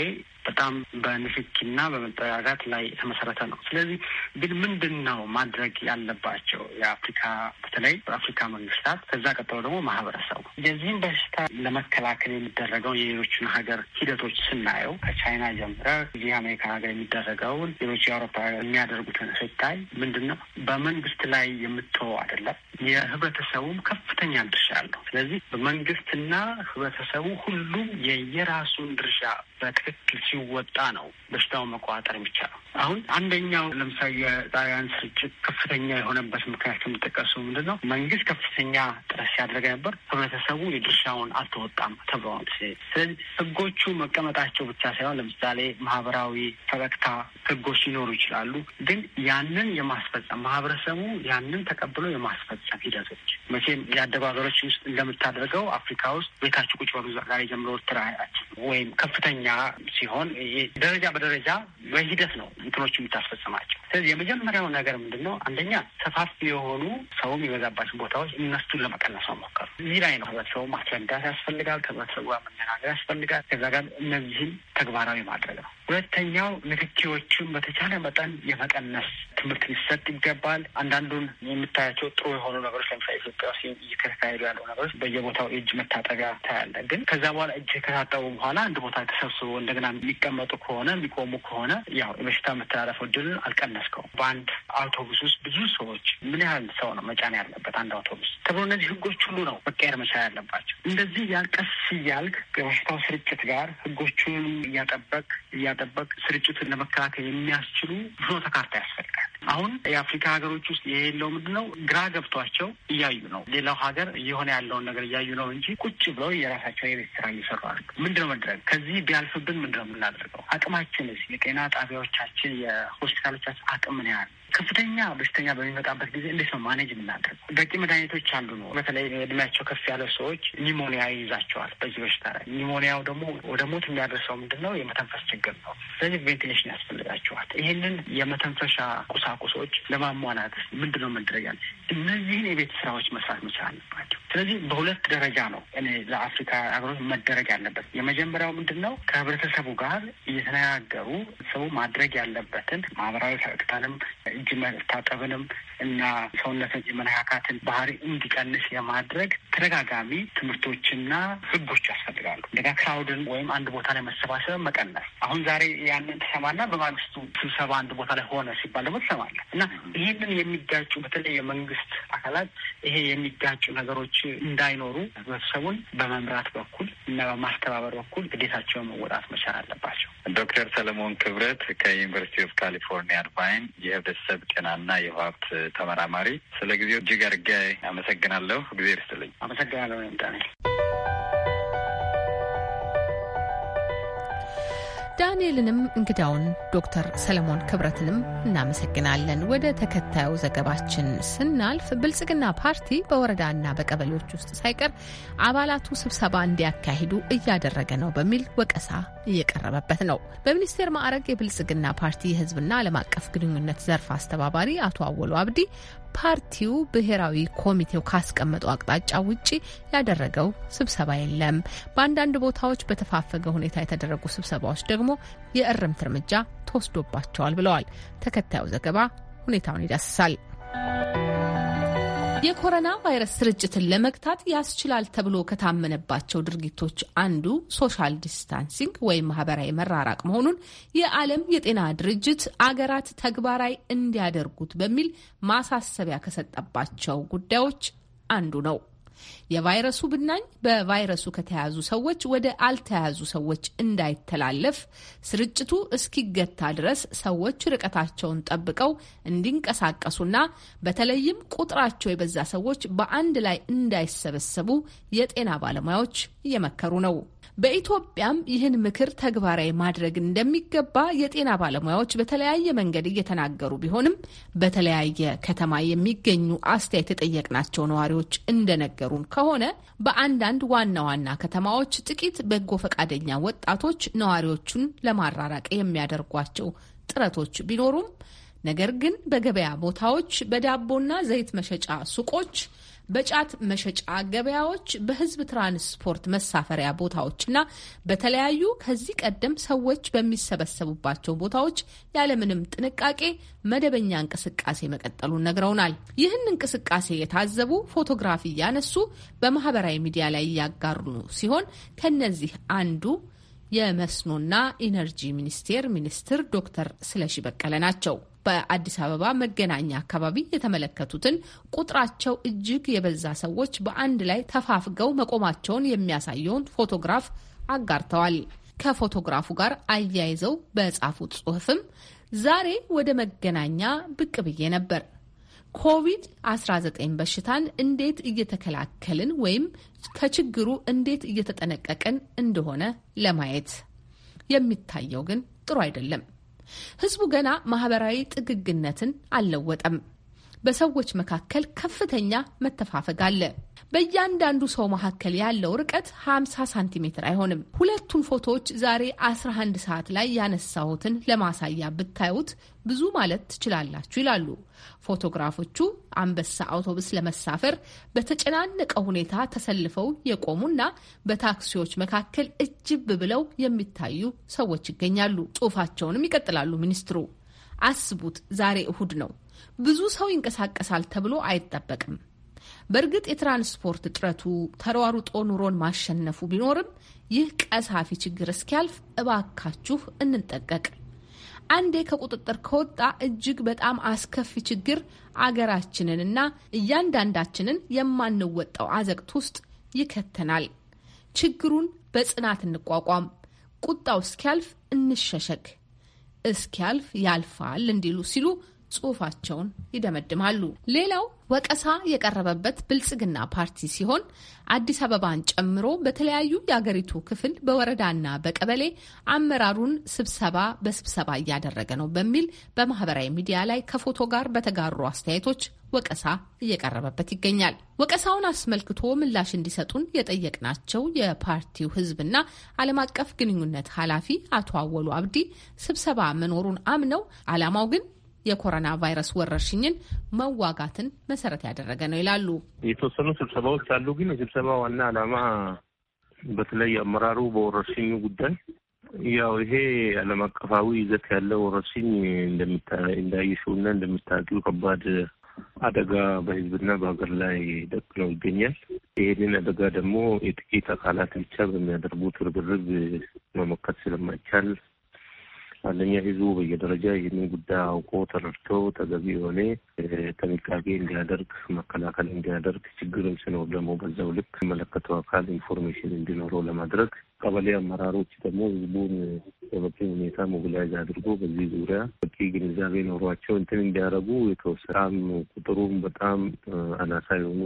በጣም በንክኪና በመጠጋጋት ላይ የተመሰረተ ነው። ስለዚህ ግን ምንድን ነው ማድረግ ያለባቸው የአፍሪካ በተለይ በአፍሪካ መንግስታት፣ ከዛ ቀጥሎ ደግሞ ማህበረሰቡ የዚህም በሽታ ለመከላከል የሚደረገው የሌሎችን ሀገር ሂደቶች ስናየው ከቻይና ጀምረ እዚህ አሜሪካ ሀገር የሚደረገውን ሌሎች የአውሮፓ የሚያደርጉትን ስታይ ምንድን ነው በመንግስት ላይ የምትወው አይደለም። የህብረተሰቡም ከፍተኛ ድርሻ አለው። ስለዚህ በመንግስትና ህብረተሰቡ ሁሉም የየራሱን ድርሻ በትክክል ሲወጣ ነው በሽታው መቆጣጠር የሚቻለው። አሁን አንደኛው ለምሳሌ የጣሊያን ስርጭት ከፍተኛ የሆነበት ምክንያት የምጠቀሱ ምንድን ነው? መንግስት ከፍተኛ ጥረት ሲያደርግ ነበር፣ ህብረተሰቡ የድርሻውን አልተወጣም ተብለዋል። ስለዚህ ህጎቹ መቀመጣቸው ብቻ ሳይሆን ለምሳሌ ማህበራዊ ፈገግታ ህጎች ሊኖሩ ይችላሉ፣ ግን ያንን የማስፈጸም ማህበረሰቡ ያንን ተቀብሎ የማስፈጸም ሂደቶች መቼም የአደጉ ሀገሮች ውስጥ እንደምታደርገው አፍሪካ ውስጥ ቤታችሁ ቁጭ በሉ ዛሬ ጀምሮ ወይም ከፍተኛ ከፍተኛ ሲሆን ደረጃ በደረጃ በሂደት ነው እንትኖቹ የምታስፈጽማቸው። ስለዚህ የመጀመሪያው ነገር ምንድን ነው? አንደኛ ሰፋፊ የሆኑ ሰው የሚበዛባቸው ቦታዎች እነሱን ለመቀነስ መሞከር። እዚህ ላይ ነው ህብረተሰቡ ማስረዳት ያስፈልጋል። ከህብረተሰቡ ጋር መነጋገር ያስፈልጋል። ከዛ ጋር እነዚህን ተግባራዊ ማድረግ ነው። ሁለተኛው ንክኪዎቹን በተቻለ መጠን የመቀነስ ትምህርት ሊሰጥ ይገባል። አንዳንዱን የምታያቸው ጥሩ የሆኑ ነገሮች ለምሳሌ ኢትዮጵያ ውስጥ እየተካሄዱ ያለው ነገሮች በየቦታው የእጅ መታጠቢያ ታያለ። ግን ከዛ በኋላ እጅ ከታጠቡ በኋላ አንድ ቦታ ተሰብስ እነሱ እንደገና የሚቀመጡ ከሆነ የሚቆሙ ከሆነ ያው የበሽታ መተላለፍ እድልን አልቀነስከው። በአንድ አውቶቡስ ውስጥ ብዙ ሰዎች ምን ያህል ሰው ነው መጫን ያለበት አንድ አውቶቡስ ተብሎ እነዚህ ህጎች ሁሉ ነው መቀየር መቻል ያለባቸው። እንደዚህ ያልቀስ እያልክ ከበሽታው ስርጭት ጋር ህጎቹን እያጠበቅ እያጠበቅ ስርጭቱን ለመከላከል የሚያስችሉ ፍኖተ ካርታ ያስፈልጋል። አሁን የአፍሪካ ሀገሮች ውስጥ የሌለው ምንድን ነው ግራ ገብቷቸው እያዩ ነው። ሌላው ሀገር እየሆነ ያለውን ነገር እያዩ ነው እንጂ ቁጭ ብለው የራሳቸውን የቤት ስራ እየሰሩ አሉ። ምንድነው መድረግ ከዚህ ቢያል ሲደርሱብን ምንድነው የምናደርገው? አቅማችንስ የጤና ጣቢያዎቻችን የሆስፒታሎቻችን አቅም ምን ያህል ከፍተኛ በሽተኛ በሚመጣበት ጊዜ እንዴት ነው ማኔጅ የምናደርገው? በቂ መድኃኒቶች አሉ ነው። በተለይ እድሜያቸው ከፍ ያለ ሰዎች ኒሞኒያ ይይዛቸዋል በዚህ በሽታ ላይ። ኒሞኒያው ደግሞ ወደ ሞት የሚያደርሰው ምንድን ነው? የመተንፈስ ችግር ነው። ስለዚህ ቬንቲሌሽን ያስፈልጋቸዋል። ይህንን የመተንፈሻ ቁሳቁሶች ለማሟላት ምንድን ነው መደረግ እነዚህን የቤት ስራዎች መስራት መቻል አለባቸው። ስለዚህ በሁለት ደረጃ ነው እኔ ለአፍሪካ ሀገሮች መደረግ ያለበት። የመጀመሪያው ምንድን ነው? ከህብረተሰቡ ጋር እየተነጋገሩ ሰው ማድረግ ያለበትን ማህበራዊ ፈገግታንም እጅ መታጠብንም እና ሰውነትን የመነካካትን ባህሪ እንዲቀንስ የማድረግ ተደጋጋሚ ትምህርቶችና ህጎች ያስፈልጋሉ። እንደጋ ክራውድን ወይም አንድ ቦታ ላይ መሰባሰብ መቀነስ። አሁን ዛሬ ያንን ትሰማና በማግስቱ ስብሰባ አንድ ቦታ ላይ ሆነ ሲባል ደግሞ ትሰማለህ እና ይህንን የሚጋጩ በተለይ የመንግስት አካላት ይሄ የሚጋጩ ነገሮች እንዳይኖሩ ህብረተሰቡን በመምራት በኩል እና በማስተባበር በኩል ግዴታቸውን መወጣት መቻል አለባቸው። ዶክተር ሰለሞን ክብረት ከዩኒቨርሲቲ ኦፍ ካሊፎርኒያ አርባይን የህብረተሰብ ጤናና የውሃ ሀብት ተመራማሪ። ስለ ጊዜው እጅግ አድርጌ አመሰግናለሁ። ጊዜ ይስጥልኝ። አመሰግናለሁ። ዳንኤልንም እንግዳውን ዶክተር ሰለሞን ክብረትንም እናመሰግናለን። ወደ ተከታዩ ዘገባችን ስናልፍ ብልጽግና ፓርቲ በወረዳና በቀበሌዎች ውስጥ ሳይቀር አባላቱ ስብሰባ እንዲያካሂዱ እያደረገ ነው በሚል ወቀሳ እየቀረበበት ነው። በሚኒስቴር ማዕረግ የብልጽግና ፓርቲ የሕዝብና ዓለም አቀፍ ግንኙነት ዘርፍ አስተባባሪ አቶ አወሉ አብዲ ፓርቲው ብሔራዊ ኮሚቴው ካስቀመጠው አቅጣጫ ውጪ ያደረገው ስብሰባ የለም። በአንዳንድ ቦታዎች በተፋፈገ ሁኔታ የተደረጉ ስብሰባዎች ደግሞ የእርምት እርምጃ ተወስዶባቸዋል ብለዋል። ተከታዩ ዘገባ ሁኔታውን ይዳስሳል። የኮሮና ቫይረስ ስርጭትን ለመግታት ያስችላል ተብሎ ከታመነባቸው ድርጊቶች አንዱ ሶሻል ዲስታንሲንግ ወይም ማህበራዊ መራራቅ መሆኑን የዓለም የጤና ድርጅት አገራት ተግባራዊ እንዲያደርጉት በሚል ማሳሰቢያ ከሰጠባቸው ጉዳዮች አንዱ ነው። የቫይረሱ ብናኝ በቫይረሱ ከተያዙ ሰዎች ወደ አልተያዙ ሰዎች እንዳይተላለፍ ስርጭቱ እስኪገታ ድረስ ሰዎች ርቀታቸውን ጠብቀው እንዲንቀሳቀሱና በተለይም ቁጥራቸው የበዛ ሰዎች በአንድ ላይ እንዳይሰበሰቡ የጤና ባለሙያዎች እየመከሩ ነው። በኢትዮጵያም ይህን ምክር ተግባራዊ ማድረግ እንደሚገባ የጤና ባለሙያዎች በተለያየ መንገድ እየተናገሩ ቢሆንም በተለያየ ከተማ የሚገኙ አስተያየት የጠየቅናቸው ነዋሪዎች እንደነገሩ እየተቸገሩም ከሆነ በአንዳንድ ዋና ዋና ከተማዎች ጥቂት በጎ ፈቃደኛ ወጣቶች ነዋሪዎቹን ለማራራቅ የሚያደርጓቸው ጥረቶች ቢኖሩም ነገር ግን በገበያ ቦታዎች፣ በዳቦና ዘይት መሸጫ ሱቆች በጫት መሸጫ ገበያዎች፣ በህዝብ ትራንስፖርት መሳፈሪያ ቦታዎችና በተለያዩ ከዚህ ቀደም ሰዎች በሚሰበሰቡባቸው ቦታዎች ያለምንም ጥንቃቄ መደበኛ እንቅስቃሴ መቀጠሉን ነግረውናል። ይህን እንቅስቃሴ የታዘቡ ፎቶግራፊ እያነሱ በማህበራዊ ሚዲያ ላይ እያጋሩ ሲሆን ከነዚህ አንዱ የመስኖና ኢነርጂ ሚኒስቴር ሚኒስትር ዶክተር ስለሺ በቀለ ናቸው። በአዲስ አበባ መገናኛ አካባቢ የተመለከቱትን ቁጥራቸው እጅግ የበዛ ሰዎች በአንድ ላይ ተፋፍገው መቆማቸውን የሚያሳየውን ፎቶግራፍ አጋርተዋል። ከፎቶግራፉ ጋር አያይዘው በጻፉት ጽሑፍም ዛሬ ወደ መገናኛ ብቅ ብዬ ነበር። ኮቪድ-19 በሽታን እንዴት እየተከላከልን ወይም ከችግሩ እንዴት እየተጠነቀቀን እንደሆነ ለማየት የሚታየው ግን ጥሩ አይደለም። ህዝቡ ገና ማህበራዊ ጥግግነትን አልለወጠም። በሰዎች መካከል ከፍተኛ መተፋፈግ አለ። በእያንዳንዱ ሰው መካከል ያለው ርቀት 50 ሳንቲሜትር አይሆንም። ሁለቱን ፎቶዎች ዛሬ 11 ሰዓት ላይ ያነሳሁትን ለማሳያ ብታዩት ብዙ ማለት ትችላላችሁ ይላሉ ፎቶግራፎቹ። አንበሳ አውቶቡስ ለመሳፈር በተጨናነቀ ሁኔታ ተሰልፈው የቆሙና በታክሲዎች መካከል እጅብ ብለው የሚታዩ ሰዎች ይገኛሉ። ጽሑፋቸውንም ይቀጥላሉ ሚኒስትሩ። አስቡት ዛሬ እሁድ ነው። ብዙ ሰው ይንቀሳቀሳል ተብሎ አይጠበቅም። በእርግጥ የትራንስፖርት እጥረቱ ተሯሩጦ ኑሮን ማሸነፉ ቢኖርም ይህ ቀሳፊ ችግር እስኪያልፍ እባካችሁ እንጠቀቅ። አንዴ ከቁጥጥር ከወጣ እጅግ በጣም አስከፊ ችግር አገራችንንና እያንዳንዳችንን የማንወጣው አዘቅት ውስጥ ይከተናል። ችግሩን በጽናት እንቋቋም። ቁጣው እስኪያልፍ እንሸሸግ። እስኪያልፍ ያልፋል እንዲሉ ሲሉ ጽሑፋቸውን ይደመድማሉ። ሌላው ወቀሳ የቀረበበት ብልጽግና ፓርቲ ሲሆን አዲስ አበባን ጨምሮ በተለያዩ የአገሪቱ ክፍል በወረዳና በቀበሌ አመራሩን ስብሰባ በስብሰባ እያደረገ ነው በሚል በማህበራዊ ሚዲያ ላይ ከፎቶ ጋር በተጋሩ አስተያየቶች ወቀሳ እየቀረበበት ይገኛል። ወቀሳውን አስመልክቶ ምላሽ እንዲሰጡን የጠየቅናቸው የፓርቲው ህዝብና ዓለም አቀፍ ግንኙነት ኃላፊ አቶ አወሉ አብዲ ስብሰባ መኖሩን አምነው ዓላማው ግን የኮሮና ቫይረስ ወረርሽኝን መዋጋትን መሰረት ያደረገ ነው ይላሉ። የተወሰኑ ስብሰባዎች አሉ። ግን የስብሰባ ዋና ዓላማ በተለይ አመራሩ በወረርሽኙ ጉዳይ ያው ይሄ ዓለም አቀፋዊ ይዘት ያለው ወረርሽኝ እንዳየሽውና እንደምታውቂው ከባድ አደጋ በህዝብና በሀገር ላይ ደቅኖ ይገኛል። ይህንን አደጋ ደግሞ የጥቂት አካላት ብቻ በሚያደርጉት ርብርብ መመከት ስለማይቻል አንደኛ ህዝቡ በየደረጃ ይህንን ጉዳይ አውቆ ተረድቶ ተገቢ የሆነ ጥንቃቄ እንዲያደርግ መከላከል እንዲያደርግ፣ ችግርም ሲኖር ደግሞ በዛው ልክ መለከተው አካል ኢንፎርሜሽን እንዲኖረው ለማድረግ ቀበሌ አመራሮች ደግሞ ህዝቡን በበቂ ሁኔታ ሞቢላይዝ አድርጎ በዚህ ዙሪያ በቂ ግንዛቤ ኖሯቸው እንትን እንዲያደረጉ የተወሰነ ቁጥሩም በጣም አናሳ የሆኑ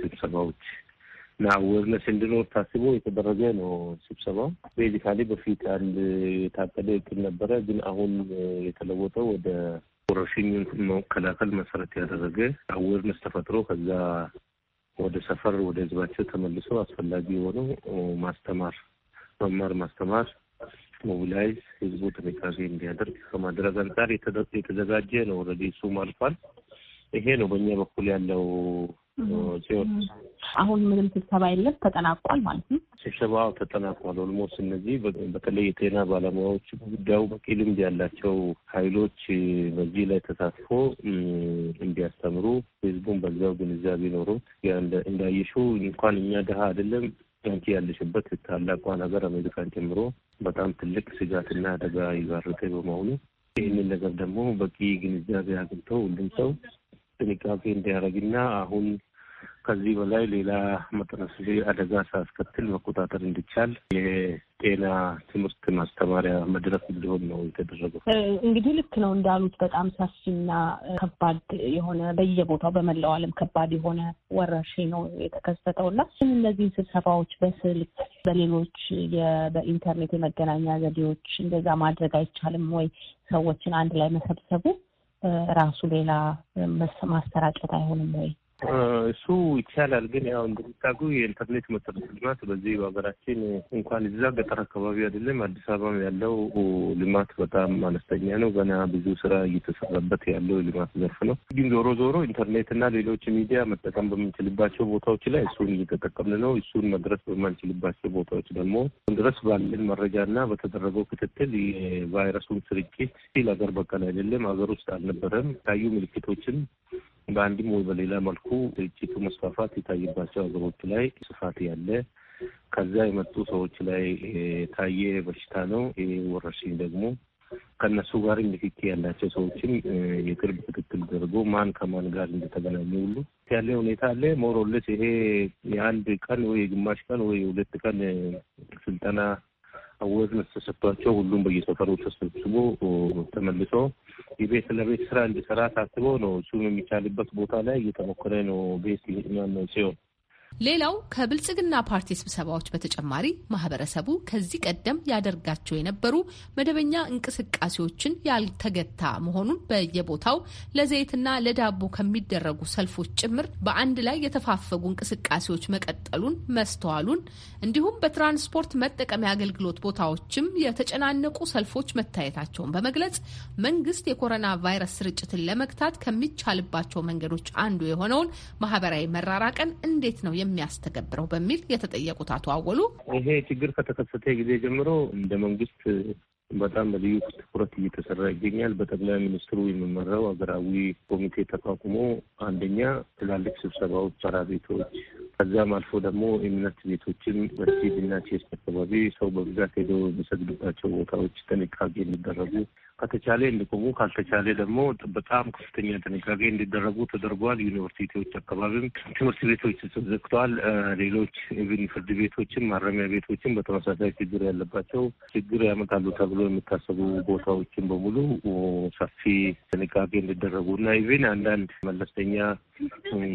ስብሰባዎች አዌርነስ እንዲኖር ታስቦ የተደረገ ነው ስብሰባው። ቤዚካሊ በፊት አንድ የታቀደ እቅድ ነበረ፣ ግን አሁን የተለወጠው ወደ ወረርሽኙን መከላከል መሰረት ያደረገ አዌርነስ ተፈጥሮ ከዛ ወደ ሰፈር ወደ ህዝባቸው ተመልሶ አስፈላጊ የሆነው ማስተማር፣ መማር ማስተማር፣ ሞቢላይዝ ህዝቡ ጥንቃቄ እንዲያደርግ ከማድረግ አንጻር የተዘጋጀ ነው። ኦልሬዲ እሱም አልፏል። ይሄ ነው በእኛ በኩል ያለው አሁን ምንም ስብሰባ የለም፣ ተጠናቋል ማለት ነው። ስብሰባ ተጠናቋል። ኦልሞስት እነዚህ በተለይ የጤና ባለሙያዎች ጉዳዩ በቂ ልምድ ያላቸው ኃይሎች በዚህ ላይ ተሳትፎ እንዲያስተምሩ ህዝቡን በዚያው ግንዛቤ ኖሮት እንዳየሹ እንኳን እኛ ድሀ አይደለም አንቺ ያለሽበት ታላቋ ነገር አሜሪካን ጨምሮ በጣም ትልቅ ስጋትና አደጋ የጋረጠ በመሆኑ ይህንን ነገር ደግሞ በቂ ግንዛቤ አግኝተው ሁሉም ሰው ጥንቃቄ እንዲያደርግና አሁን ከዚህ በላይ ሌላ መጠነ ሰፊ አደጋ ሳያስከትል መቆጣጠር እንዲቻል የጤና ትምህርት ማስተማሪያ መድረክ እንዲሆን ነው የተደረገው። እንግዲህ ልክ ነው እንዳሉት በጣም ሰፊና ከባድ የሆነ በየቦታው በመላው ዓለም ከባድ የሆነ ወረርሽኝ ነው የተከሰተውና እነዚህን ስብሰባዎች በስልክ በሌሎች በኢንተርኔት የመገናኛ ዘዴዎች እንደዛ ማድረግ አይቻልም ወይ? ሰዎችን አንድ ላይ መሰብሰቡ ራሱ ሌላ ማሰራጨት አይሆንም ወይ? እሱ ይቻላል። ግን ያው እንደሚታጉ የኢንተርኔት መሰረተ ልማት በዚህ በሀገራችን እንኳን እዛ ገጠር አካባቢ አይደለም አዲስ አበባም ያለው ልማት በጣም አነስተኛ ነው። ገና ብዙ ስራ እየተሰራበት ያለው ልማት ዘርፍ ነው። ግን ዞሮ ዞሮ ኢንተርኔትና ሌሎች ሚዲያ መጠቀም በምንችልባቸው ቦታዎች ላይ እሱን እየተጠቀምን ነው። እሱን መድረስ በማንችልባቸው ቦታዎች ደግሞ ድረስ ባለን መረጃና በተደረገው ክትትል የቫይረሱን ስርጭት ሲል ሀገር በቀል አይደለም፣ ሀገር ውስጥ አልነበረም። የተለያዩ ምልክቶችን በአንድም ወይ በሌላ መልኩ ድርጅቱ መስፋፋት የታየባቸው ሀገሮች ላይ ስፋት ያለ ከዛ የመጡ ሰዎች ላይ የታየ በሽታ ነው። ይህ ወረርሽኝ ደግሞ ከእነሱ ጋር ንክኪ ያላቸው ሰዎችም የቅርብ ክትትል ደርጎ ማን ከማን ጋር እንደተገናኘ ሁሉ ያለ ሁኔታ አለ። ሞሮለስ ይሄ የአንድ ቀን ወይ የግማሽ ቀን ወይ የሁለት ቀን ስልጠና አወዝ መስተሰጥቷቸው ሁሉም በየሰፈሩ ተሰብስቦ ተመልሶ የቤት ለቤት ስራ እንዲሰራ ታስበው ነው። እሱም የሚቻልበት ቦታ ላይ እየተሞከረ ነው። ቤት ሲሆን ሌላው ከብልጽግና ፓርቲ ስብሰባዎች በተጨማሪ ማህበረሰቡ ከዚህ ቀደም ያደርጋቸው የነበሩ መደበኛ እንቅስቃሴዎችን ያልተገታ መሆኑን በየቦታው ለዘይትና ለዳቦ ከሚደረጉ ሰልፎች ጭምር በአንድ ላይ የተፋፈጉ እንቅስቃሴዎች መቀጠሉን መስተዋሉን እንዲሁም በትራንስፖርት መጠቀሚያ አገልግሎት ቦታዎችም የተጨናነቁ ሰልፎች መታየታቸውን በመግለጽ መንግስት የኮሮና ቫይረስ ስርጭትን ለመግታት ከሚቻልባቸው መንገዶች አንዱ የሆነውን ማህበራዊ መራራቅን እንዴት ነው የሚያስተገብረው በሚል የተጠየቁት አቶ አወሉ ይሄ ችግር ከተከሰተ ጊዜ ጀምሮ እንደ መንግስት በጣም በልዩ ትኩረት እየተሰራ ይገኛል። በጠቅላይ ሚኒስትሩ የሚመራው ሀገራዊ ኮሚቴ ተቋቁሞ አንደኛ ትላልቅ ስብሰባዎች፣ ሰራ ቤቶች፣ ከዛም አልፎ ደግሞ እምነት ቤቶችን መስጂድ ቼስ አካባቢ ሰው በብዛት ሄዶ የሚሰግድባቸው ቦታዎች ጥንቃቄ የሚደረጉ ከተቻለ እንዲቆሙ ካልተቻለ ደግሞ በጣም ከፍተኛ ጥንቃቄ እንዲደረጉ ተደርጓል። ዩኒቨርሲቲዎች አካባቢም ትምህርት ቤቶች ተዘግተዋል። ሌሎች ኢቭን ፍርድ ቤቶችም ማረሚያ ቤቶችም በተመሳሳይ ችግር ያለባቸው ችግር ያመጣሉ ተብሎ የሚታሰቡ ቦታዎችን በሙሉ ሰፊ ጥንቃቄ እንዲደረጉ እና ኢቭን አንዳንድ መለስተኛ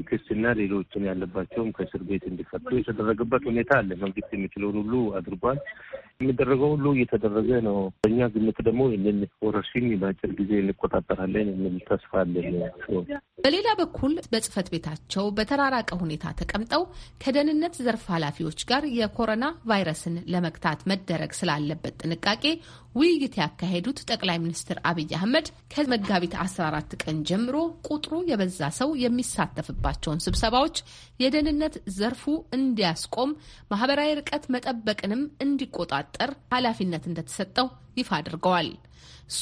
ክስና ሌሎችን ያለባቸውም ከእስር ቤት እንዲፈቱ የተደረገበት ሁኔታ አለ። መንግስት የሚችለውን ሁሉ አድርጓል። የሚደረገው ሁሉ እየተደረገ ነው። በእኛ ግምት ደግሞ ይህንን ወረርሽኝ በአጭር ጊዜ እንቆጣጠራለን የሚል ተስፋ አለን። በሌላ በኩል በጽህፈት ቤታቸው በተራራቀ ሁኔታ ተቀምጠው ከደህንነት ዘርፍ ኃላፊዎች ጋር የኮሮና ቫይረስን ለመግታት መደረግ ስላለበት ጥንቃቄ ውይይት ያካሄዱት ጠቅላይ ሚኒስትር አብይ አህመድ ከመጋቢት 14 ቀን ጀምሮ ቁጥሩ የበዛ ሰው የሚ የሚሳተፍባቸውን ስብሰባዎች የደህንነት ዘርፉ እንዲያስቆም፣ ማህበራዊ ርቀት መጠበቅንም እንዲቆጣጠር ኃላፊነት እንደተሰጠው ይፋ አድርገዋል።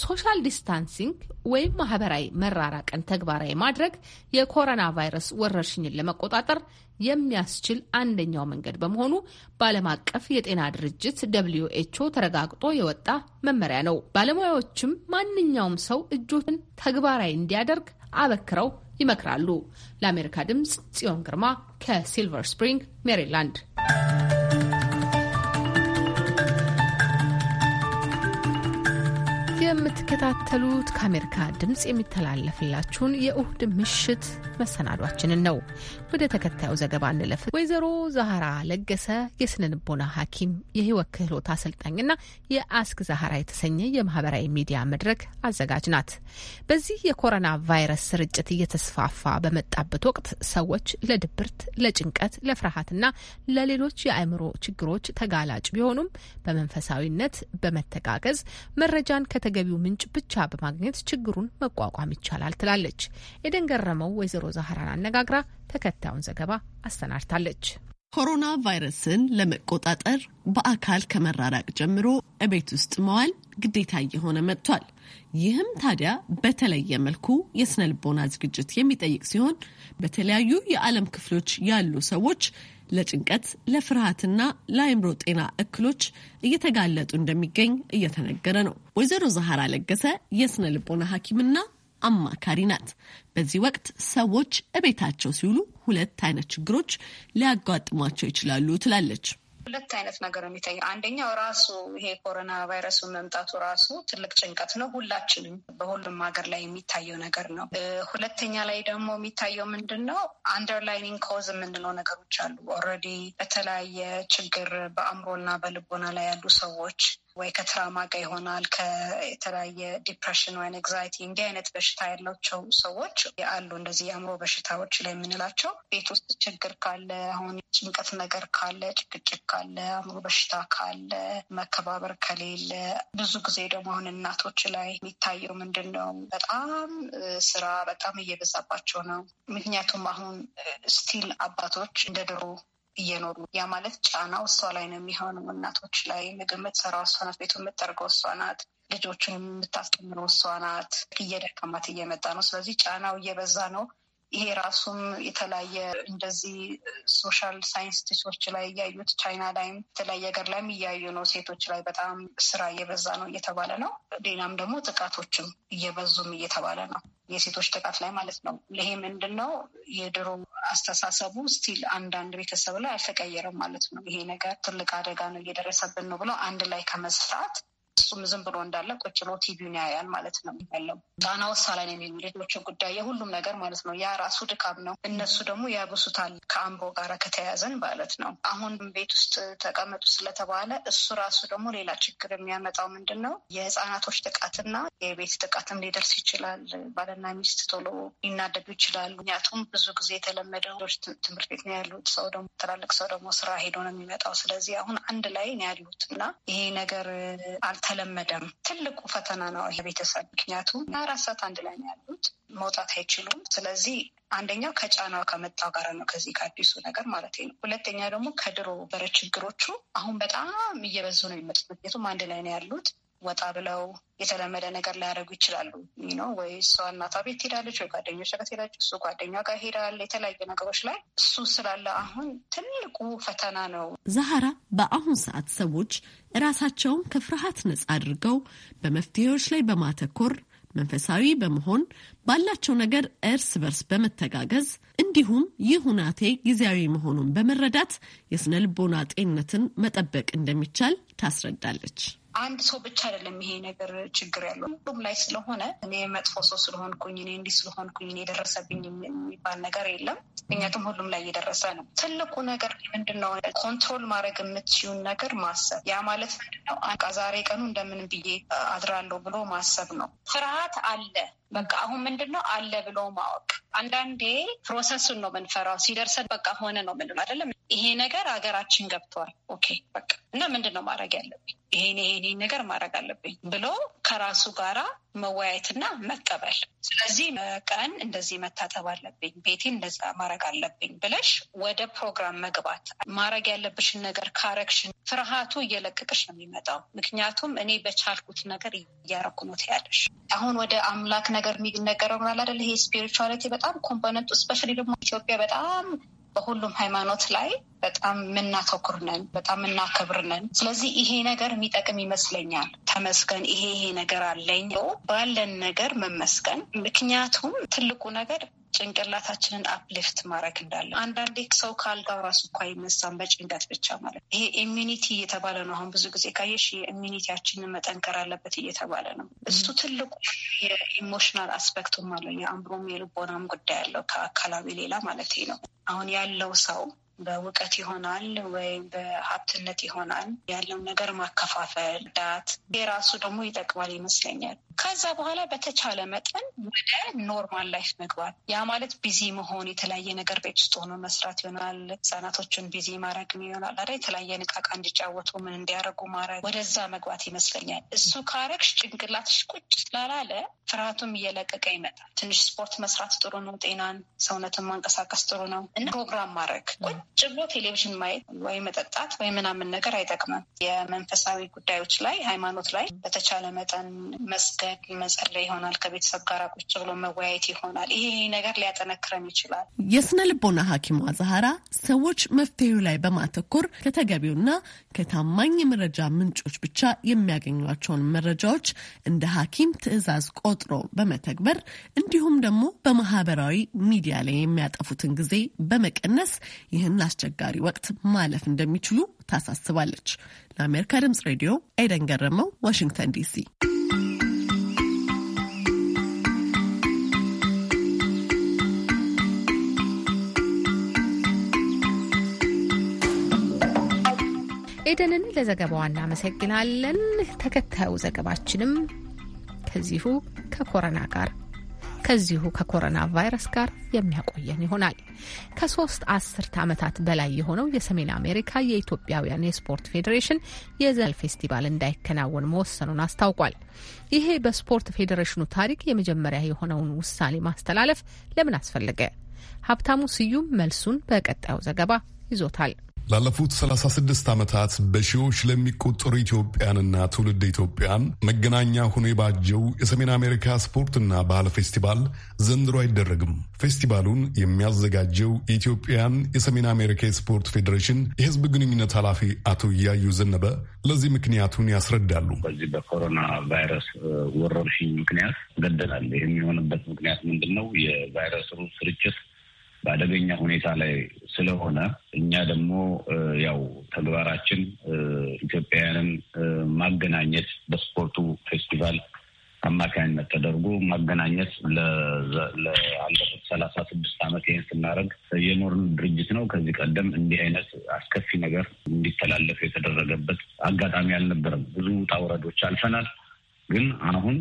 ሶሻል ዲስታንሲንግ ወይም ማህበራዊ መራራቅን ተግባራዊ ማድረግ የኮሮና ቫይረስ ወረርሽኝን ለመቆጣጠር የሚያስችል አንደኛው መንገድ በመሆኑ በዓለም አቀፍ የጤና ድርጅት ደብልዩ ኤችኦ ተረጋግጦ የወጣ መመሪያ ነው። ባለሙያዎችም ማንኛውም ሰው እጆችን ተግባራዊ እንዲያደርግ አበክረው ይመክራሉ። ለአሜሪካ ድምፅ ጽዮን ግርማ ከሲልቨር ስፕሪንግ ሜሪላንድ። የምትከታተሉት ከአሜሪካ ድምፅ የሚተላለፍላችሁን የእሁድ ምሽት መሰናዷችንን ነው። ወደ ተከታዩ ዘገባ እንለፍ። ወይዘሮ ዛህራ ለገሰ የስነ ልቦና ሐኪም የህይወት ክህሎት አሰልጣኝና የአስክ ዛህራ የተሰኘ የማህበራዊ ሚዲያ መድረክ አዘጋጅ ናት። በዚህ የኮሮና ቫይረስ ስርጭት እየተስፋፋ በመጣበት ወቅት ሰዎች ለድብርት፣ ለጭንቀት፣ ለፍርሃትና ለሌሎች የአእምሮ ችግሮች ተጋላጭ ቢሆኑም በመንፈሳዊነት በመተጋገዝ መረጃን ከተገቢው ምንጭ ብቻ በማግኘት ችግሩን መቋቋም ይቻላል ትላለች። ኤደን ገረመው ወይዘሮ ዛህራን አነጋግራ ተከታዩን ዘገባ አሰናድታለች። ኮሮና ቫይረስን ለመቆጣጠር በአካል ከመራራቅ ጀምሮ እቤት ውስጥ መዋል ግዴታ እየሆነ መጥቷል። ይህም ታዲያ በተለየ መልኩ የስነ ልቦና ዝግጅት የሚጠይቅ ሲሆን በተለያዩ የዓለም ክፍሎች ያሉ ሰዎች ለጭንቀት፣ ለፍርሃትና ለአይምሮ ጤና እክሎች እየተጋለጡ እንደሚገኝ እየተነገረ ነው። ወይዘሮ ዛህራ ለገሰ የስነ ልቦና ሐኪምና አማካሪ ናት። በዚህ ወቅት ሰዎች እቤታቸው ሲውሉ ሁለት አይነት ችግሮች ሊያጋጥሟቸው ይችላሉ ትላለች። ሁለት አይነት ነገር ነው የሚታየው። አንደኛው ራሱ ይሄ ኮሮና ቫይረሱ መምጣቱ ራሱ ትልቅ ጭንቀት ነው፣ ሁላችንም በሁሉም ሀገር ላይ የሚታየው ነገር ነው። ሁለተኛ ላይ ደግሞ የሚታየው ምንድን ነው? አንደርላይኒንግ ኮዝ የምንለው ነገሮች አሉ። ኦልሬዲ በተለያየ ችግር በአእምሮና በልቦና ላይ ያሉ ሰዎች ወይ ከትራማ ጋር ይሆናል። ከተለያየ ዲፕሬሽን ወይ ኤግዛይቲ እንዲህ አይነት በሽታ ያላቸው ሰዎች አሉ። እንደዚህ የአእምሮ በሽታዎች ላይ የምንላቸው ቤት ውስጥ ችግር ካለ፣ አሁን ጭንቀት ነገር ካለ፣ ጭቅጭቅ ካለ፣ አእምሮ በሽታ ካለ፣ መከባበር ከሌለ፣ ብዙ ጊዜ ደግሞ አሁን እናቶች ላይ የሚታየው ምንድን ነው? በጣም ስራ በጣም እየበዛባቸው ነው። ምክንያቱም አሁን ስቲል አባቶች እንደ ድሮ እየኖሩ ያ ማለት ጫናው እሷ ላይ ነው የሚሆነው። እናቶች ላይ ምግብ የምትሰራው እሷ ናት፣ ቤቱ የምትጠርገው እሷ ናት፣ ልጆችን የምታስተምረው እሷ ናት። እየደከማት እየመጣ ነው። ስለዚህ ጫናው እየበዛ ነው። ይሄ ራሱም የተለያየ እንደዚህ ሶሻል ሳይንስ ቲሶች ላይ እያዩት ቻይና ላይም የተለያየ ሀገር ላይም እያዩ ነው። ሴቶች ላይ በጣም ስራ እየበዛ ነው እየተባለ ነው። ሌላም ደግሞ ጥቃቶችም እየበዙም እየተባለ ነው። የሴቶች ጥቃት ላይ ማለት ነው። ይሄ ምንድን ነው? የድሮ አስተሳሰቡ ስቲል አንዳንድ ቤተሰብ ላይ አልተቀየረም ማለት ነው። ይሄ ነገር ትልቅ አደጋ ነው እየደረሰብን ነው ብለው አንድ ላይ ከመስራት እሱም ዝም ብሎ እንዳለ ቁጭ ብሎ ቲቪውን ያያል ማለት ነው ያለው ጣና ውሳላን የሚሉ ሌሎችን ጉዳይ የሁሉም ነገር ማለት ነው። ያ ራሱ ድካም ነው። እነሱ ደግሞ ያብሱታል። ከአምቦ ጋር ከተያያዘን ማለት ነው። አሁን ቤት ውስጥ ተቀመጡ ስለተባለ እሱ ራሱ ደግሞ ሌላ ችግር የሚያመጣው ምንድን ነው? የህፃናቶች ጥቃትና የቤት ጥቃትም ሊደርስ ይችላል። ባልና ሚስት ቶሎ ሊናደዱ ይችላሉ። ምክንያቱም ብዙ ጊዜ የተለመደው ትምህርት ቤት ነው ያሉት። ሰው ደግሞ ትላልቅ ሰው ደግሞ ስራ ሄዶ ነው የሚመጣው። ስለዚህ አሁን አንድ ላይ ነው ያሉት እና ይሄ ነገር አልታ አልተለመደም። ትልቁ ፈተና ነው ይሄ ቤተሰብ። ምክንያቱም አራት ሰዓት አንድ ላይ ነው ያሉት፣ መውጣት አይችሉም። ስለዚህ አንደኛው ከጫናው ከመጣው ጋር ነው ከዚህ ከአዲሱ ነገር ማለት ነው። ሁለተኛ ደግሞ ከድሮ በረ ችግሮቹ አሁን በጣም እየበዙ ነው የሚመጡት። ምክንያቱም አንድ ላይ ነው ያሉት ወጣ ብለው የተለመደ ነገር ሊያደርጉ ይችላሉ ነው ወይ እሷ እናቷ ቤት ትሄዳለች፣ ወይ ጓደኞች ጋር ትሄዳለች፣ እሱ ጓደኛ ጋር ሄዳል። የተለያዩ ነገሮች ላይ እሱ ስላለ አሁን ትልቁ ፈተና ነው። ዛሀራ በአሁን ሰዓት ሰዎች እራሳቸውን ከፍርሃት ነጻ አድርገው በመፍትሄዎች ላይ በማተኮር መንፈሳዊ በመሆን ባላቸው ነገር እርስ በርስ በመተጋገዝ እንዲሁም ይህ ሁናቴ ጊዜያዊ መሆኑን በመረዳት የስነ ልቦና ጤንነትን መጠበቅ እንደሚቻል ታስረዳለች። አንድ ሰው ብቻ አይደለም ይሄ ነገር ችግር ያለው ሁሉም ላይ ስለሆነ እኔ መጥፎ ሰው ስለሆንኩኝ እኔ እንዲህ ስለሆንኩኝ እኔ የደረሰብኝ የሚባል ነገር የለም። ምክንያቱም ሁሉም ላይ እየደረሰ ነው። ትልቁ ነገር ምንድነው? ኮንትሮል ማድረግ የምትችውን ነገር ማሰብ። ያ ማለት ምንድነው? ዛሬ ቀኑ እንደምን ብዬ አድራለሁ ብሎ ማሰብ ነው። ፍርሃት አለ በቃ አሁን ምንድን ነው አለ ብሎ ማወቅ። አንዳንዴ ፕሮሰሱን ነው ምንፈራው። ሲደርሰን በቃ ሆነ ነው ምንል አይደለም። ይሄ ነገር ሀገራችን ገብቷል ኦኬ በቃ እና ምንድን ነው ማድረግ ያለብኝ? ይሄን ይሄን ነገር ማድረግ አለብኝ ብሎ ከራሱ ጋራ መወያየትና መቀበል። ስለዚህ ቀን እንደዚህ መታተብ አለብኝ፣ ቤቴን እንደዛ ማድረግ አለብኝ ብለሽ ወደ ፕሮግራም መግባት ማድረግ ያለብሽን ነገር ካረግሽን ፍርሃቱ እየለቀቀሽ ነው የሚመጣው። ምክንያቱም እኔ በቻልኩት ነገር እያረኩ ነው ትያለሽ። አሁን ወደ አምላክ ነገር የሚነገረው ምናል አደለ? ይሄ ስፒሪቹዋሊቲ በጣም ኮምፖነንት ስፔሻሊ ደግሞ ኢትዮጵያ በጣም በሁሉም ሃይማኖት ላይ በጣም የምናተኩር ነን፣ በጣም የምናከብር ነን። ስለዚህ ይሄ ነገር የሚጠቅም ይመስለኛል። ተመስገን ይሄ ይሄ ነገር አለኝ ባለን ነገር መመስገን። ምክንያቱም ትልቁ ነገር ጭንቅላታችንን አፕሊፍት ማድረግ እንዳለ አንዳንዴ ሰው ከአልጋው ራሱ እኳ አይነሳም በጭንቀት ብቻ ማለት ነው። ይሄ ኢሚኒቲ እየተባለ ነው። አሁን ብዙ ጊዜ ካየሽ የኢሚኒቲያችንን መጠንከር አለበት እየተባለ ነው። እሱ ትልቁ የኢሞሽናል አስፔክቱም አለው። የአእምሮም የልቦናም ጉዳይ አለው ከአካላዊ ሌላ ማለት ነው። አሁን ያለው ሰው በእውቀት ይሆናል ወይም በሀብትነት ይሆናል ያለው ነገር ማከፋፈል ዳት የራሱ ደግሞ ይጠቅማል ይመስለኛል። ከዛ በኋላ በተቻለ መጠን ወደ ኖርማል ላይፍ መግባት፣ ያ ማለት ቢዚ መሆን፣ የተለያየ ነገር ቤት ውስጥ ሆኖ መስራት ይሆናል። ህጻናቶችን ቢዚ ማድረግ ይሆናል። አ የተለያየ ንቃቃ እንዲጫወቱ ምን እንዲያደርጉ ማድረግ፣ ወደዛ መግባት ይመስለኛል። እሱ ካረግሽ ጭንቅላትሽ ቁጭ ስላላለ ፍርሃቱም እየለቀቀ ይመጣል። ትንሽ ስፖርት መስራት ጥሩ ነው። ጤናን ሰውነትን ማንቀሳቀስ ጥሩ ነው እና ፕሮግራም ማድረግ ቁጭ ብሎ ቴሌቪዥን ማየት ወይ መጠጣት ወይ ምናምን ነገር አይጠቅምም። የመንፈሳዊ ጉዳዮች ላይ ሃይማኖት ላይ በተቻለ መጠን መስገ መጸለይ ይሆናል። ከቤተሰብ ጋር ቁጭ ብሎ መወያየት ይሆናል። ይሄ ነገር ሊያጠነክረን ይችላል። የስነ ልቦና ሐኪሟ ዛህራ ሰዎች መፍትሄው ላይ በማተኮር ከተገቢውና ከታማኝ የመረጃ ምንጮች ብቻ የሚያገኟቸውን መረጃዎች እንደ ሐኪም ትዕዛዝ ቆጥሮ በመተግበር እንዲሁም ደግሞ በማህበራዊ ሚዲያ ላይ የሚያጠፉትን ጊዜ በመቀነስ ይህን አስቸጋሪ ወቅት ማለፍ እንደሚችሉ ታሳስባለች። ለአሜሪካ ድምጽ ሬዲዮ ኤደን ገረመው፣ ዋሽንግተን ዲሲ። ኤደንን ለዘገባዋ እናመሰግናለን። ተከታዩ ዘገባችንም ከዚሁ ከኮረና ጋር ከዚሁ ከኮሮና ቫይረስ ጋር የሚያቆየን ይሆናል። ከሶስት አስርት ዓመታት በላይ የሆነው የሰሜን አሜሪካ የኢትዮጵያውያን የስፖርት ፌዴሬሽን የዘል ፌስቲቫል እንዳይከናወን መወሰኑን አስታውቋል። ይሄ በስፖርት ፌዴሬሽኑ ታሪክ የመጀመሪያ የሆነውን ውሳኔ ማስተላለፍ ለምን አስፈለገ? ሀብታሙ ስዩም መልሱን በቀጣዩ ዘገባ ይዞታል። ላለፉት 36 ዓመታት በሺዎች ለሚቆጠሩ ኢትዮጵያንና ትውልድ ኢትዮጵያን መገናኛ ሆኖ የባጀው የሰሜን አሜሪካ ስፖርትና ባህል ፌስቲቫል ዘንድሮ አይደረግም። ፌስቲቫሉን የሚያዘጋጀው የኢትዮጵያን የሰሜን አሜሪካ የስፖርት ፌዴሬሽን የሕዝብ ግንኙነት ኃላፊ አቶ እያዩ ዘነበ ለዚህ ምክንያቱን ያስረዳሉ። በዚህ በኮሮና ቫይረስ ወረርሽኝ ምክንያት ገደላል። ይህ የሚሆንበት ምክንያት ምንድን ነው? የቫይረሱ ስርጭት በአደገኛ ሁኔታ ላይ ስለሆነ እኛ ደግሞ ያው ተግባራችን ኢትዮጵያውያንን ማገናኘት በስፖርቱ ፌስቲቫል አማካኝነት ተደርጎ ማገናኘት ለአለፉት ሰላሳ ስድስት ዓመት ይህን ስናደርግ የኖርን ድርጅት ነው። ከዚህ ቀደም እንዲህ አይነት አስከፊ ነገር እንዲተላለፍ የተደረገበት አጋጣሚ አልነበረም። ብዙ ውጣ ውረዶች አልፈናል። ግን አሁን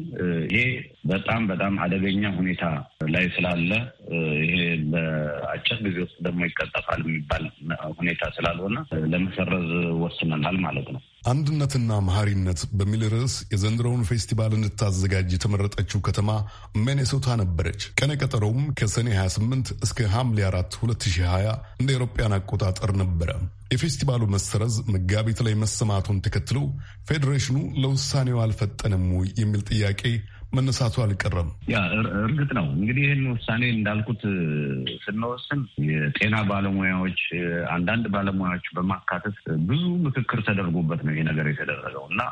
ይሄ በጣም በጣም አደገኛ ሁኔታ ላይ ስላለ ይሄ በአጭር ጊዜ ውስጥ ደግሞ ይቀጠፋል የሚባል ሁኔታ ስላልሆነ ለመሰረዝ ወስነናል ማለት ነው። አንድነትና መሐሪነት በሚል ርዕስ የዘንድሮውን ፌስቲቫል እንድታዘጋጅ የተመረጠችው ከተማ ሚኔሶታ ነበረች። ቀነቀጠሮም ከሰኔ 28 እስከ ሐምሌ 4 2020 እንደ አውሮፓውያን አቆጣጠር ነበረ። የፌስቲቫሉ መሰረዝ መጋቢት ላይ መሰማቱን ተከትሎ ፌዴሬሽኑ ለውሳኔው አልፈጠንም የሚል ጥያቄ መነሳቱ አልቀረም። ያ እርግጥ ነው። እንግዲህ ይህን ውሳኔ እንዳልኩት ስንወስን የጤና ባለሙያዎች፣ አንዳንድ ባለሙያዎች በማካተት ብዙ ምክክር ተደርጎበት ነው ይሄ ነገር የተደረገው እና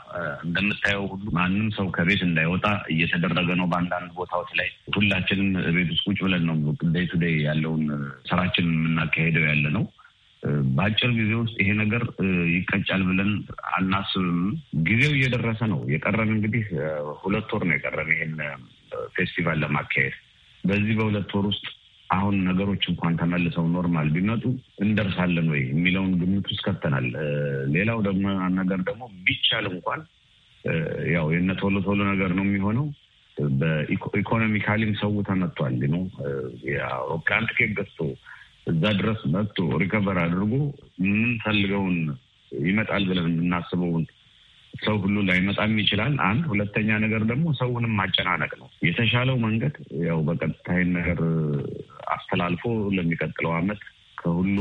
እንደምታየው ሁሉ ማንም ሰው ከቤት እንዳይወጣ እየተደረገ ነው። በአንዳንድ ቦታዎች ላይ ሁላችንም ቤት ውስጥ ቁጭ ብለን ነው ዴይ ቱ ዴይ ያለውን ስራችን የምናካሄደው ያለ ነው። በአጭር ጊዜ ውስጥ ይሄ ነገር ይቀጫል ብለን አናስብም። ጊዜው እየደረሰ ነው። የቀረን እንግዲህ ሁለት ወር ነው የቀረን ይህን ፌስቲቫል ለማካሄድ። በዚህ በሁለት ወር ውስጥ አሁን ነገሮች እንኳን ተመልሰው ኖርማል ቢመጡ እንደርሳለን ወይ የሚለውን ግምት ውስጥ ከተናል። ሌላው ደግሞ ነገር ደግሞ ቢቻል እንኳን ያው የነ ቶሎ ቶሎ ነገር ነው የሚሆነው። በኢኮኖሚካሊም ሰው ተመቷል ነው የአውሮፕላን ትኬት ገዝቶ እዛ ድረስ መጥቶ ሪከቨር አድርጎ የምንፈልገውን ይመጣል ብለን የምናስበውን ሰው ሁሉ ላይመጣም ይችላል። አንድ ሁለተኛ ነገር ደግሞ ሰውንም ማጨናነቅ ነው። የተሻለው መንገድ ያው በቀጥታይን ነገር አስተላልፎ ለሚቀጥለው አመት ከሁሉ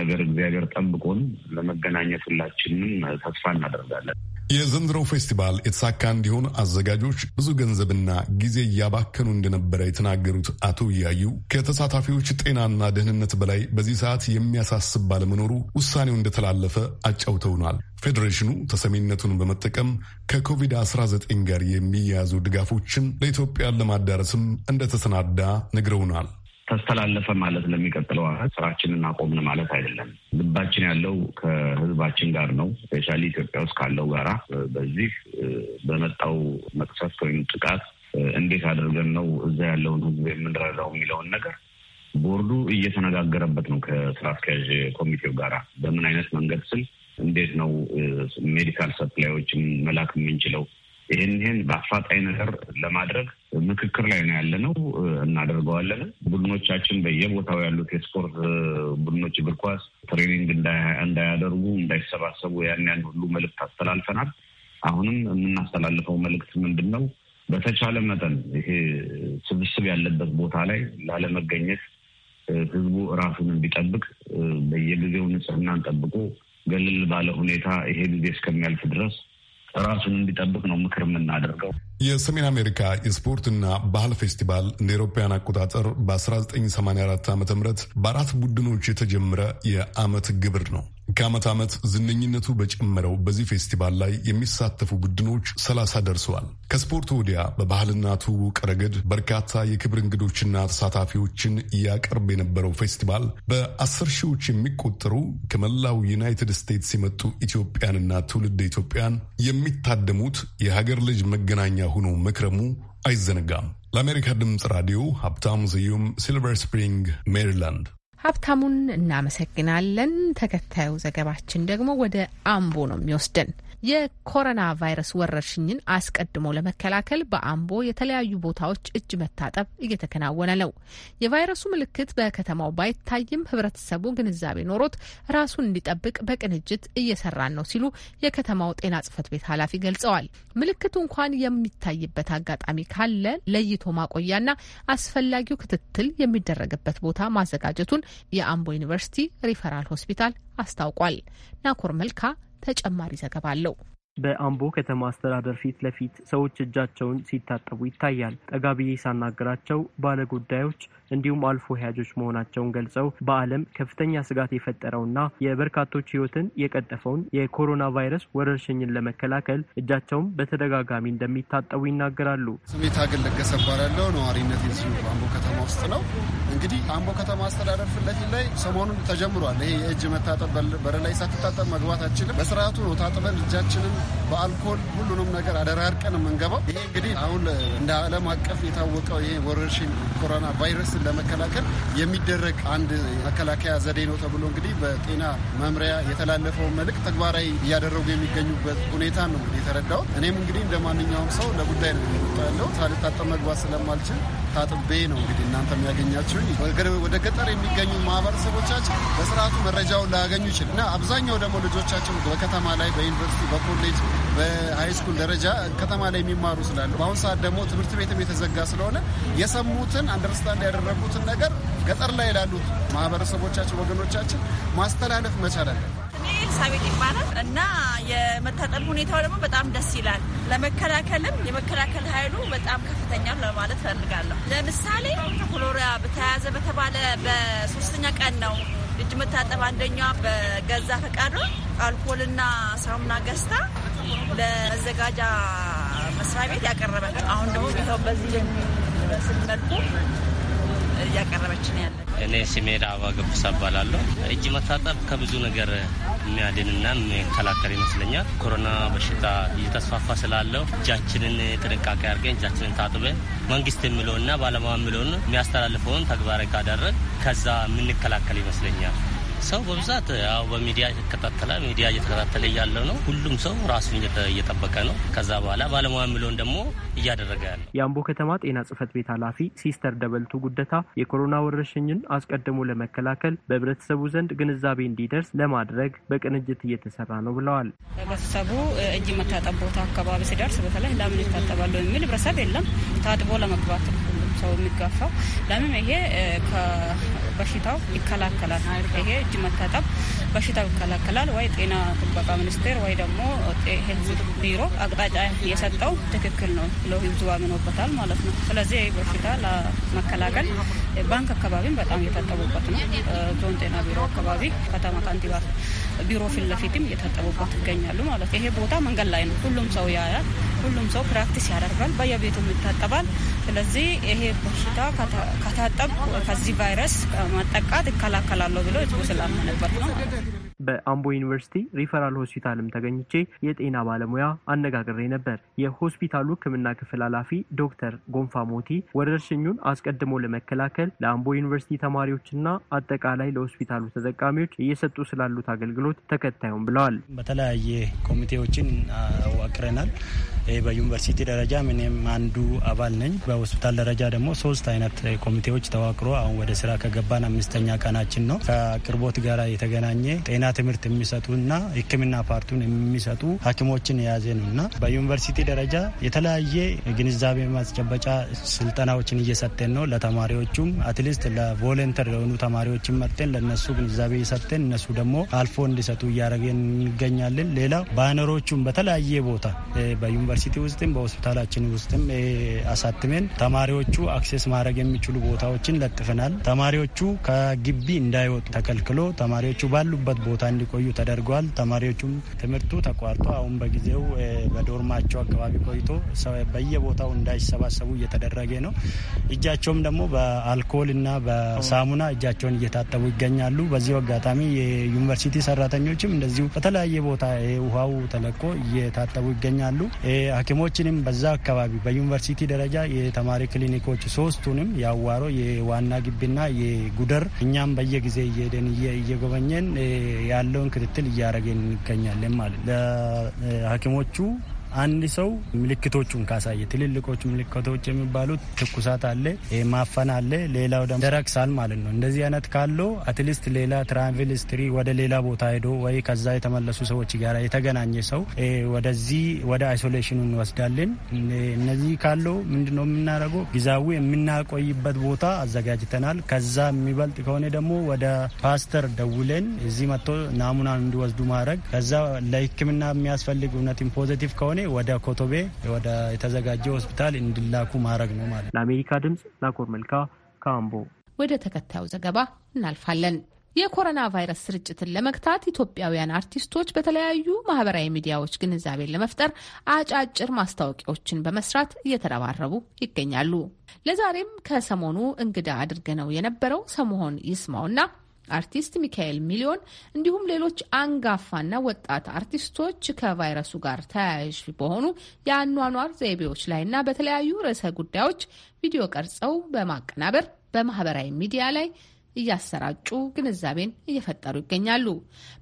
ነገር እግዚአብሔር ጠብቆን ለመገናኘት ሁላችንም ተስፋ እናደርጋለን። የዘንድሮው ፌስቲቫል የተሳካ እንዲሆን አዘጋጆች ብዙ ገንዘብና ጊዜ እያባከኑ እንደነበረ የተናገሩት አቶ እያዩ ከተሳታፊዎች ጤናና ደህንነት በላይ በዚህ ሰዓት የሚያሳስብ ባለመኖሩ ውሳኔው እንደተላለፈ አጫውተውናል። ፌዴሬሽኑ ተሰሚነቱን በመጠቀም ከኮቪድ-19 ጋር የሚያያዙ ድጋፎችን ለኢትዮጵያን ለማዳረስም እንደተሰናዳ ነግረውናል። ተስተላለፈ ማለት ለሚቀጥለው ዓመት ስራችንን አቆምን ማለት አይደለም። ልባችን ያለው ከህዝባችን ጋር ነው፣ ስፔሻሊ ኢትዮጵያ ውስጥ ካለው ጋራ በዚህ በመጣው መቅሰፍት ወይም ጥቃት እንዴት አድርገን ነው እዛ ያለውን ህዝብ የምንረዳው የሚለውን ነገር ቦርዱ እየተነጋገረበት ነው ከስራ አስኪያጅ ኮሚቴው ጋራ በምን አይነት መንገድ ስል እንዴት ነው ሜዲካል ሰፕላዮችን መላክ የምንችለው ይህንን በአፋጣኝ ነገር ለማድረግ ምክክር ላይ ነው ያለ ነው። እናደርገዋለን። ቡድኖቻችን በየቦታው ያሉት የስፖርት ቡድኖች እግር ኳስ ትሬኒንግ እንዳያደርጉ፣ እንዳይሰባሰቡ ያን ያን ሁሉ መልእክት አስተላልፈናል። አሁንም የምናስተላልፈው መልእክት ምንድን ነው? በተቻለ መጠን ይሄ ስብስብ ያለበት ቦታ ላይ ላለመገኘት ህዝቡ እራሱን እንዲጠብቅ በየጊዜው ንጽህናን ጠብቆ ገልል ባለ ሁኔታ ይሄ ጊዜ እስከሚያልፍ ድረስ ራሱን እንዲጠብቅ ነው ምክር የምናደርገው። የሰሜን አሜሪካ የስፖርትና ባህል ፌስቲቫል እንደ ኤሮፓያን አቆጣጠር በ1984 ዓ ም በአራት ቡድኖች የተጀመረ የዓመት ግብር ነው። ከዓመት ዓመት ዝነኝነቱ በጨመረው በዚህ ፌስቲቫል ላይ የሚሳተፉ ቡድኖች ሰላሳ ደርሰዋል። ከስፖርት ወዲያ በባህልና ትውውቅ ረገድ በርካታ የክብር እንግዶችና ተሳታፊዎችን እያቀርብ የነበረው ፌስቲቫል በአስር ሺዎች የሚቆጠሩ ከመላው ዩናይትድ ስቴትስ የመጡ ኢትዮጵያንና ትውልድ ኢትዮጵያን የሚታደሙት የሀገር ልጅ መገናኛ ሆኖ መክረሙ አይዘነጋም። ለአሜሪካ ድምፅ ራዲዮ ሀብታሙ ስዩም ሲልቨር ስፕሪንግ ሜሪላንድ። ሀብታሙን እናመሰግናለን። ተከታዩ ዘገባችን ደግሞ ወደ አምቦ ነው የሚወስደን። የኮሮና ቫይረስ ወረርሽኝን አስቀድሞ ለመከላከል በአምቦ የተለያዩ ቦታዎች እጅ መታጠብ እየተከናወነ ነው። የቫይረሱ ምልክት በከተማው ባይታይም ህብረተሰቡ ግንዛቤ ኖሮት ራሱን እንዲጠብቅ በቅንጅት እየሰራን ነው ሲሉ የከተማው ጤና ጽህፈት ቤት ኃላፊ ገልጸዋል። ምልክቱ እንኳን የሚታይበት አጋጣሚ ካለ ለይቶ ማቆያና አስፈላጊው ክትትል የሚደረግበት ቦታ ማዘጋጀቱን የአምቦ ዩኒቨርሲቲ ሪፈራል ሆስፒታል አስታውቋል። ናኮር መልካ ተጨማሪ ዘገባ አለው። በአምቦ ከተማ አስተዳደር ፊት ለፊት ሰዎች እጃቸውን ሲታጠቡ ይታያል። ጠጋ ብዬ ሳናገራቸው ባለጉዳዮች እንዲሁም አልፎ ወዳጆች መሆናቸውን ገልጸው በዓለም ከፍተኛ ስጋት የፈጠረውና የበርካቶች ህይወትን የቀጠፈውን የኮሮና ቫይረስ ወረርሽኝን ለመከላከል እጃቸውን በተደጋጋሚ እንደሚታጠቡ ይናገራሉ። ስሜት አገል ለገሰ እባላለሁ። ነዋሪነት የዚሁ አምቦ ከተማ ውስጥ ነው። እንግዲህ አምቦ ከተማ አስተዳደር ፊት ለፊት ላይ ሰሞኑን ተጀምሯል። ይሄ የእጅ መታጠብ፣ በር ላይ ሳትታጠብ መግባት አችልም። በስርዓቱ ነው ታጥበን እጃችንን በአልኮል ሁሉንም ነገር አደራርቀን የምንገባው። ይሄ እንግዲህ አሁን እንደ ዓለም አቀፍ የታወቀው ይሄ ወረርሽኝ ኮሮና ቫይረስን ለመከላከል የሚደረግ አንድ መከላከያ ዘዴ ነው ተብሎ እንግዲህ በጤና መምሪያ የተላለፈውን መልእክት ተግባራዊ እያደረጉ የሚገኙበት ሁኔታ ነው የተረዳው። እኔም እንግዲህ እንደ ማንኛውም ሰው ለጉዳይ ነው የመጣ ያለው ሳልታጠብ መግባት ስለማልችል ታጥቤ ነው እንግዲህ እናንተ የሚያገኛችሁኝ። ወደ ገጠር የሚገኙ ማህበረሰቦቻችን በስርዓቱ መረጃውን ላያገኙ ይችላል እና አብዛኛው ደግሞ ልጆቻችን በከተማ ላይ በዩኒቨርሲቲ በኮሌጅ በሃይስኩል ደረጃ ከተማ ላይ የሚማሩ ስላሉ በአሁን ሰዓት ደግሞ ትምህርት ቤትም የተዘጋ ስለሆነ የሰሙትን አንደርስታንድ ያደረጉትን ነገር ገጠር ላይ ላሉት ማህበረሰቦቻችን ወገኖቻችን ማስተላለፍ መቻል አለን። ሳቤት ይባላል እና የመታጠብ ሁኔታው ደግሞ በጣም ደስ ይላል። ለመከላከልም የመከላከል ኃይሉ በጣም ከፍተኛ ለማለት ፈልጋለሁ። ለምሳሌ ኮሎሪያ በተያያዘ በተባለ በሶስተኛ ቀን ነው እጅ መታጠብ አንደኛዋ በገዛ ፈቃዷ አልኮልና ሳሙና ገዝታ ለመዘጋጃ መስሪያ ቤት ያቀረበ አሁን ደግሞ ቤታው በዚህ መልኩ እያቀረበች ነው ያለ። እኔ ስሜ ራባ ገብሳ እባላለሁ። እጅ መታጠብ ከብዙ ነገር የሚያድንና የሚከላከል ይመስለኛል። ኮሮና በሽታ እየተስፋፋ ስላለው እጃችንን ጥንቃቄ አድርገን እጃችንን ታጥበን መንግስት የሚለውና ባለሙያ የሚለውን የሚያስተላልፈውን ተግባራዊ ካደረግ ከዛ የምንከላከል ይመስለኛል። ሰው በብዛት ያው በሚዲያ ይከታተላል። ሚዲያ እየተከታተለ እያለው ነው። ሁሉም ሰው ራሱን እየጠበቀ ነው። ከዛ በኋላ ባለሙያ የሚለውን ደግሞ እያደረገ ያለ የአምቦ ከተማ ጤና ጽህፈት ቤት ኃላፊ ሲስተር ደበልቱ ጉደታ የኮሮና ወረርሽኝን አስቀድሞ ለመከላከል በህብረተሰቡ ዘንድ ግንዛቤ እንዲደርስ ለማድረግ በቅንጅት እየተሰራ ነው ብለዋል። ህብረተሰቡ እጅ መታጠብ ቦታ አካባቢ ሲደርስ በተለይ ለምን ይታጠባለሁ የሚል ህብረተሰብ የለም። ታጥቦ ለመግባት ሰው የሚጋፋው። ለምን ይሄ በሽታው ይከላከላል። ይሄ እጅ መታጠብ በሽታው ይከላከላል ወይ ጤና ጥበቃ ሚኒስቴር ወይ ደግሞ ህዝብ ቢሮ አቅጣጫ የሰጠው ትክክል ነው ብሎ ህዝቡ አምኖበታል ማለት ነው። ስለዚህ በሽታ ለመከላከል ባንክ አካባቢም በጣም የታጠቡበት ነው። ዞን ጤና ቢሮ አካባቢ ከተማ ካንቲባ ቢሮ ፊት ለፊትም እየታጠቡበት ይገኛሉ ማለት ነው። ይሄ ቦታ መንገድ ላይ ነው፣ ሁሉም ሰው ያያል። ሁሉም ሰው ፕራክቲስ ያደርጋል፣ በየቤቱ ይታጠባል። ስለዚህ ይሄ በሽታ ከታጠብ ከዚህ ቫይረስ ማጠቃት ይከላከላለሁ ብሎ ህዝቡ ስላመነበት ነው። በአምቦ ዩኒቨርሲቲ ሪፈራል ሆስፒታልም ተገኝቼ የጤና ባለሙያ አነጋግሬ ነበር። የሆስፒታሉ ሕክምና ክፍል ኃላፊ ዶክተር ጎንፋ ሞቲ ወረርሽኙን አስቀድሞ ለመከላከል ለአምቦ ዩኒቨርሲቲ ተማሪዎችና አጠቃላይ ለሆስፒታሉ ተጠቃሚዎች እየሰጡ ስላሉት አገልግሎት ተከታዩም ብለዋል። በተለያየ ኮሚቴዎችን አዋቅረናል። በዩኒቨርሲቲ ደረጃ እኔም አንዱ አባል ነኝ። በሆስፒታል ደረጃ ደግሞ ሶስት አይነት ኮሚቴዎች ተዋቅሮ አሁን ወደ ስራ ከገባን አምስተኛ ቀናችን ነው። ከአቅርቦት ጋር የተገናኘ ጤና ትምህርት የሚሰጡና ሕክምና ፓርቱን የሚሰጡ ሐኪሞችን የያዘ ነው እና በዩኒቨርሲቲ ደረጃ የተለያየ ግንዛቤ ማስጨበጫ ስልጠናዎችን እየሰጠን ነው ለተማሪዎቹም አትሊስት ለቮለንተር ለሆኑ ተማሪዎችን መርጠን ለነሱ ግንዛቤ እየሰጠን እነሱ ደግሞ አልፎ እንዲሰጡ እያደረገን እንገኛለን። ሌላ ባነሮቹም በተለያየ ቦታ በዩኒቨርሲቲ ውስጥም በሆስፒታላችን ውስጥም አሳትመን ተማሪዎቹ አክሴስ ማድረግ የሚችሉ ቦታዎችን ለጥፈናል። ተማሪዎቹ ከግቢ እንዳይወጡ ተከልክሎ ተማሪዎቹ ባሉበት ቦታ ቦታ እንዲቆዩ ተደርጓል። ተማሪዎቹም ትምህርቱ ተቋርጦ አሁን በጊዜው በዶርማቸው አካባቢ ቆይቶ በየቦታው እንዳይሰባሰቡ እየተደረገ ነው። እጃቸውም ደግሞ በአልኮልና በሳሙና እጃቸውን እየታጠቡ ይገኛሉ። በዚሁ አጋጣሚ የዩኒቨርሲቲ ሰራተኞችም እንደዚሁ በተለያየ ቦታ ውሃው ተለቆ እየታጠቡ ይገኛሉ። ሐኪሞችንም በዛ አካባቢ በዩኒቨርሲቲ ደረጃ የተማሪ ክሊኒኮች ሶስቱንም የአዋሮ የዋና ግቢና የጉደር እኛም በየጊዜ እየሄደን እየጎበኘን ያለውን ክትትል እያደረገን እንገኛለን ማለት ለሀኪሞቹ አንድ ሰው ምልክቶቹን ካሳየ ትልልቆች ምልክቶች የሚባሉት ትኩሳት አለ፣ ማፈን አለ፣ ሌላው ደግሞ ደረቅ ማለት ነው። እንደዚህ አይነት ካለው አትሊስት ሌላ ትራንቪል ስትሪ ወደ ሌላ ቦታ ሄዶ ወይ ከዛ የተመለሱ ሰዎች ጋር የተገናኘ ሰው ወደዚህ ወደ አይሶሌሽኑ እንወስዳለን። እነዚህ ካለው ምንድነው የምናደርገው? ጊዜያዊ የምናቆይበት ቦታ አዘጋጅተናል። ከዛ የሚበልጥ ከሆነ ደግሞ ወደ ፓስተር ደውለን እዚህ መጥቶ ናሙናን እንዲወስዱ ማድረግ ከዛ ለሕክምና የሚያስፈልግ እውነትም ፖዘቲቭ ከሆነ ውሳኔ ወደ ኮቶቤ ወደ የተዘጋጀ ሆስፒታል እንዲላኩ ማድረግ ነው ማለት። ለአሜሪካ ድምፅ ናኮር መልካ ከአምቦ። ወደ ተከታዩ ዘገባ እናልፋለን። የኮሮና ቫይረስ ስርጭትን ለመግታት ኢትዮጵያውያን አርቲስቶች በተለያዩ ማህበራዊ ሚዲያዎች ግንዛቤን ለመፍጠር አጫጭር ማስታወቂያዎችን በመስራት እየተረባረቡ ይገኛሉ። ለዛሬም ከሰሞኑ እንግዳ አድርገነው የነበረው ሰሞሆን ይስማውና አርቲስት ሚካኤል ሚሊዮን እንዲሁም ሌሎች አንጋፋና ወጣት አርቲስቶች ከቫይረሱ ጋር ተያያዥ በሆኑ የአኗኗር ዘይቤዎች ላይና በተለያዩ ርዕሰ ጉዳዮች ቪዲዮ ቀርጸው በማቀናበር በማህበራዊ ሚዲያ ላይ እያሰራጩ ግንዛቤን እየፈጠሩ ይገኛሉ።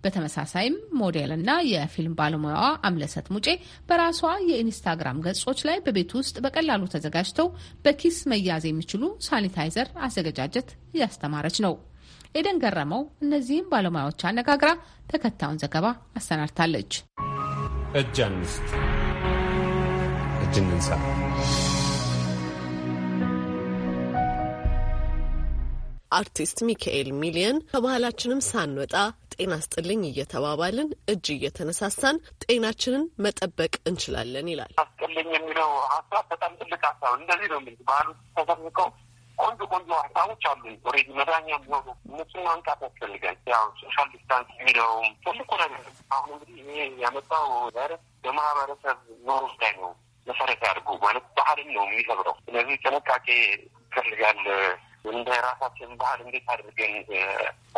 በተመሳሳይም ሞዴል እና የፊልም ባለሙያዋ አምለሰት ሙጬ በራሷ የኢንስታግራም ገጾች ላይ በቤት ውስጥ በቀላሉ ተዘጋጅተው በኪስ መያዝ የሚችሉ ሳኒታይዘር አዘገጃጀት እያስተማረች ነው። ኤደን ገረመው እነዚህም ባለሙያዎች አነጋግራ ተከታዩን ዘገባ አሰናድታለች። እጅ አንስት እጅ እንንሳ። አርቲስት ሚካኤል ሚሊየን ከባህላችንም ሳንወጣ ጤና ስጥልኝ እየተባባልን እጅ እየተነሳሳን ጤናችንን መጠበቅ እንችላለን ይላል። ስጥልኝ የሚለው ሀሳብ በጣም ትልቅ ሀሳብ እንደዚህ ነው። ባህሉ ተሰብቀው ቆንጆ ቆንጆ ሀሳቦች አሉ። ኦልሬዲ መዳኛ የሚሆኑ እነሱን ማንቃት ያስፈልጋል። ያው ሶሻል ዲስታንስ የሚለውም ትልቁ ነገር አሁን እንግዲህ ይሄ ያመጣው ቫይረስ በማህበረሰብ ኖሮ ላይ ነው መሰረት ያድርጉ ማለት ባህልን ነው የሚሰብረው። ስለዚህ ጥንቃቄ ይፈልጋል። እንደ ራሳችን ባህል እንዴት አድርገን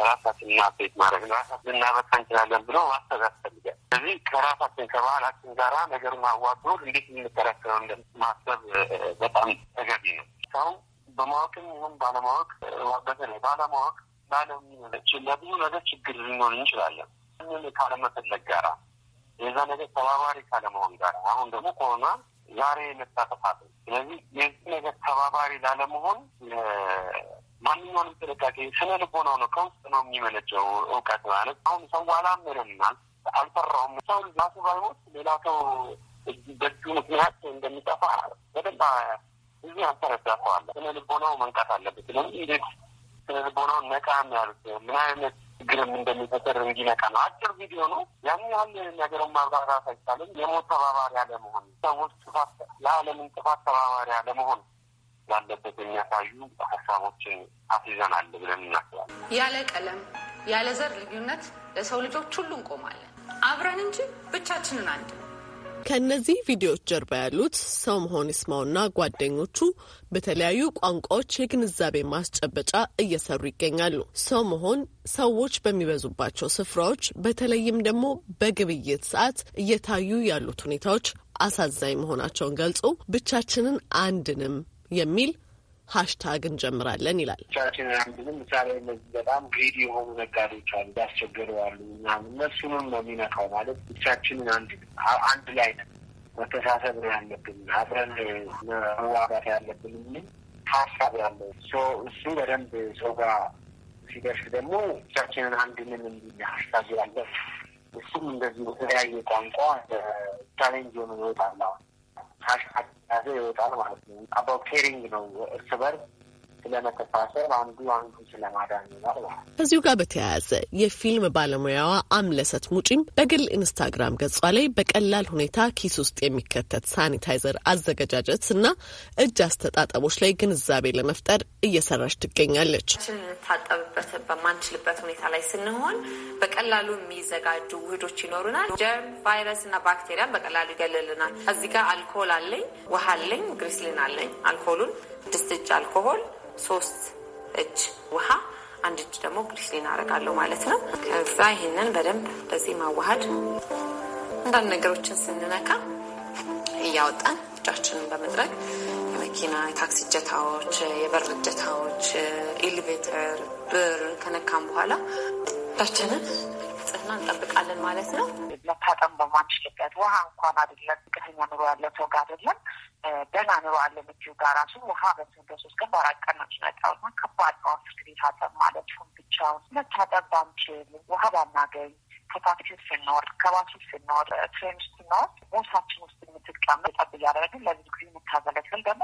ራሳችን ማስት ማድረግ ራሳችን እናበቃ እንችላለን ብሎ ማሰብ ያስፈልጋል። ስለዚህ ከራሳችን ከባህላችን ጋራ ነገሩን አዋዶ እንዴት የምንከላከለው እንደማሰብ በጣም ተገቢ ነው። በማወቅም ይሁን ባለማወቅ በተለይ ባለማወቅ ለብዙ ነገር ችግር ልንሆን እንችላለን። ምን ካለመፈለግ ጋራ የዛ ነገር ተባባሪ ካለመሆን ጋራ አሁን ደግሞ ኮሮና ዛሬ የመጣ ስለዚህ የዚህ ነገር ተባባሪ ላለመሆን ማንኛውንም ጥንቃቄ ስነ ልቦናው ነው ከውስጥ ነው የሚመነጨው እውቀት ማለት አሁን ሰው አላመንምናል አልፈራውም ሰው ራሱ ባይሞት ሌላ ሰው በእጁ ምክንያት እንደሚጠፋ በደንብ እዚህ አልተረዳፈዋለ ስነ ልቦናው መንቃት አለበት። ስለዚህ እንዴት ስነ ልቦናውን ነቃ የሚያሉት ምን አይነት ችግርም እንደሚፈጠር እንዲነቃ ነው። አጭር ቪዲዮ ነው። ያን ያህል ነገርን ማብራራት አይቻልም። የሞት ተባባሪ አለመሆን፣ ሰዎች ጥፋት ጥፋት ተባባሪ አለመሆን ያለበት የሚያሳዩ ሀሳቦችን አስይዘናል ብለን እናስባለን። ያለ ቀለም ያለ ዘር ልዩነት ለሰው ልጆች ሁሉ እንቆማለን አብረን እንጂ ብቻችንን አንድም ከእነዚህ ቪዲዮዎች ጀርባ ያሉት ሰው መሆን ይስማውና ጓደኞቹ በተለያዩ ቋንቋዎች የግንዛቤ ማስጨበጫ እየሰሩ ይገኛሉ። ሰው መሆን ሰዎች በሚበዙባቸው ስፍራዎች በተለይም ደግሞ በግብይት ሰዓት እየታዩ ያሉት ሁኔታዎች አሳዛኝ መሆናቸውን ገልጾ ብቻችንን አንድንም የሚል ሀሽታግ እንጀምራለን ይላል። ቻችን አንድንም ምሳሌ በጣም ግሪድ የሆኑ ነጋዴዎች አሉ፣ ያስቸገሩ አሉ። እነሱንም ነው የሚነካው ማለት ብቻችንን አንድ አንድ ላይ ነን፣ መተሳሰብ ነው ያለብን፣ አብረን መዋጋት ያለብን የሚል ሀሳብ ያለው እሱ በደንብ ሰው ጋር ሲደርስ ደግሞ ብቻችንን አንድንን የሚል ሀሳብ ያለው እሱም እንደዚህ በተለያየ ቋንቋ ቻሌንጅ የሆኑ ይወጣል ሀሽታግ ያዘ ይወጣል ማለት ነው። አባውት ኬሪንግ ነው እርስ በርስ ስለመተሳሰብ አንዱ አንዱ ስለማዳን ማለት ነው። ከዚሁ ጋር በተያያዘ የፊልም ባለሙያዋ አምለሰት ሙጪም በግል ኢንስታግራም ገጿ ላይ በቀላል ሁኔታ ኪስ ውስጥ የሚከተት ሳኒታይዘር አዘገጃጀት እና እጅ አስተጣጠቦች ላይ ግንዛቤ ለመፍጠር እየሰራች ትገኛለች። ታጠብበት በማንችልበት ሁኔታ ላይ ስንሆን በቀላሉ የሚዘጋጁ ውህዶች ይኖሩናል። ጀርም፣ ቫይረስ እና ባክቴሪያን በቀላሉ ይገልልናል። እዚህ ጋር አልኮል አለኝ፣ ውሃ አለኝ፣ ግሪስሊን አለኝ። አልኮሉን ድስት እጅ አልኮሆል ሶስት እጅ ውሃ አንድ እጅ ደግሞ ግሪስሊን አደርጋለሁ ማለት ነው። ከዛ ይህንን በደንብ በዚህ ማዋሃድ አንዳንድ ነገሮችን ስንነካ እያወጣን እጃችንን በመጥረግ የመኪና የታክሲ እጀታዎች፣ የበር እጀታዎች፣ ኤሌቬተር ብር ከነካም በኋላ እጃችንን ንጽህና እንጠብቃለን ማለት ነው። መታጠም በማንችልበት ውሃ እንኳን አይደለም ቅድኛ ኑሮ ያለው ሰው ጋር አይደለም ደህና ኑሮ አለ ምችው ጋር ራሱ ውሃ በስን በሶስት ቀን በአራት ቀን ነው የሚመጣው እና ከባድ ነው። ፍርድ ቤት አጠም ማለት ሁን ብቻውን መታጠም ባንችል ውሃ ባናገኝ ከታክሲ ስንወርድ፣ ከባሱ ስንወርድ፣ ትሬን ውስጥ ስንወርድ ቦርሳችን ውስጥ የምትቀመጥ ጠብ እያደረግን ለብዙ ጊዜ የምታገለግል ደግሞ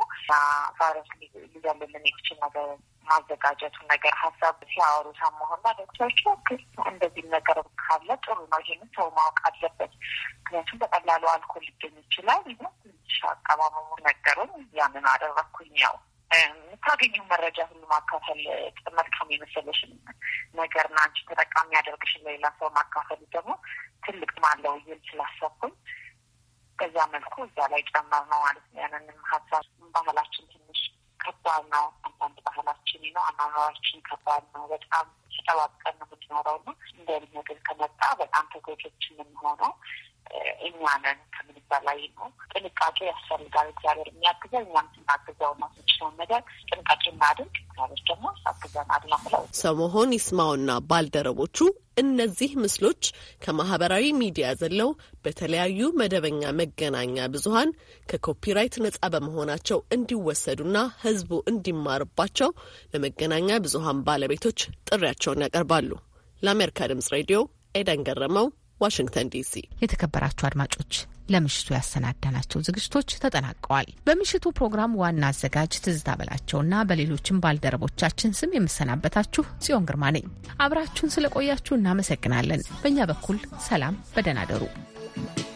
ቫይረስ ሊገልልን የሚችል ነገር ማዘጋጀቱ ነገር ሀሳብ ሲያወሩ ሳመሆና ዶክተሮች ግን እንደዚህ ነገር ካለ ጥሩ ነው፣ ይህንን ሰው ማወቅ አለበት። ምክንያቱም በቀላሉ አልኮል ሊገኝ ይችላል። ይሁን ትንሽ አቀማመሙ ነገሩን ያንን አደረግኩኝ ያው የምታገኘው መረጃ ሁሉ ማካፈል መልካም የመሰለሽን ነገር ና አንቺ ተጠቃሚ ያደርግሽን ለሌላ ሰው ማካፈል ደግሞ ትልቅ ማለው ይል ስላሰብኩኝ በዛ መልኩ እዛ ላይ ጨመር ነው ማለት ነው። ያንንም ሀሳብ ባህላችን ትንሽ ከባድ ነው። አንዳንድ ባህላችን ነው አኗኗራችን ከባድ ነው። በጣም ተጠባብቀን ነው የምትኖረው ነው እንደ ግን ከመጣ በጣም ተጎጆች የምንሆነው እኛንን ከምን በላይ ነው። ጥንቃቄ ያስፈልጋል። እግዚአብሔር የሚያግዘ እኛም ስናግዘው ነው። ስችለውን ነገር ጥንቃቄ እናድርግ። እግዚአብሔር ደግሞ ሳግዘን አድና ብለው ሰሞሆን ይስማውና ባልደረቦቹ እነዚህ ምስሎች ከማህበራዊ ሚዲያ ዘለው በተለያዩ መደበኛ መገናኛ ብዙኃን ከኮፒራይት ነጻ በመሆናቸው እንዲወሰዱና ሕዝቡ እንዲማርባቸው ለመገናኛ ብዙኃን ባለቤቶች ጥሪያቸውን ያቀርባሉ። ለአሜሪካ ድምጽ ሬዲዮ ኤደን ገረመው ዋሽንግተን ዲሲ። የተከበራችሁ አድማጮች ለምሽቱ ያሰናዳናቸው ዝግጅቶች ተጠናቀዋል። በምሽቱ ፕሮግራም ዋና አዘጋጅ ትዝታ በላቸውና በሌሎችም ባልደረቦቻችን ስም የምሰናበታችሁ ጽዮን ግርማ ነኝ። አብራችሁን ስለቆያችሁ እናመሰግናለን። በእኛ በኩል ሰላም፣ በደህና you.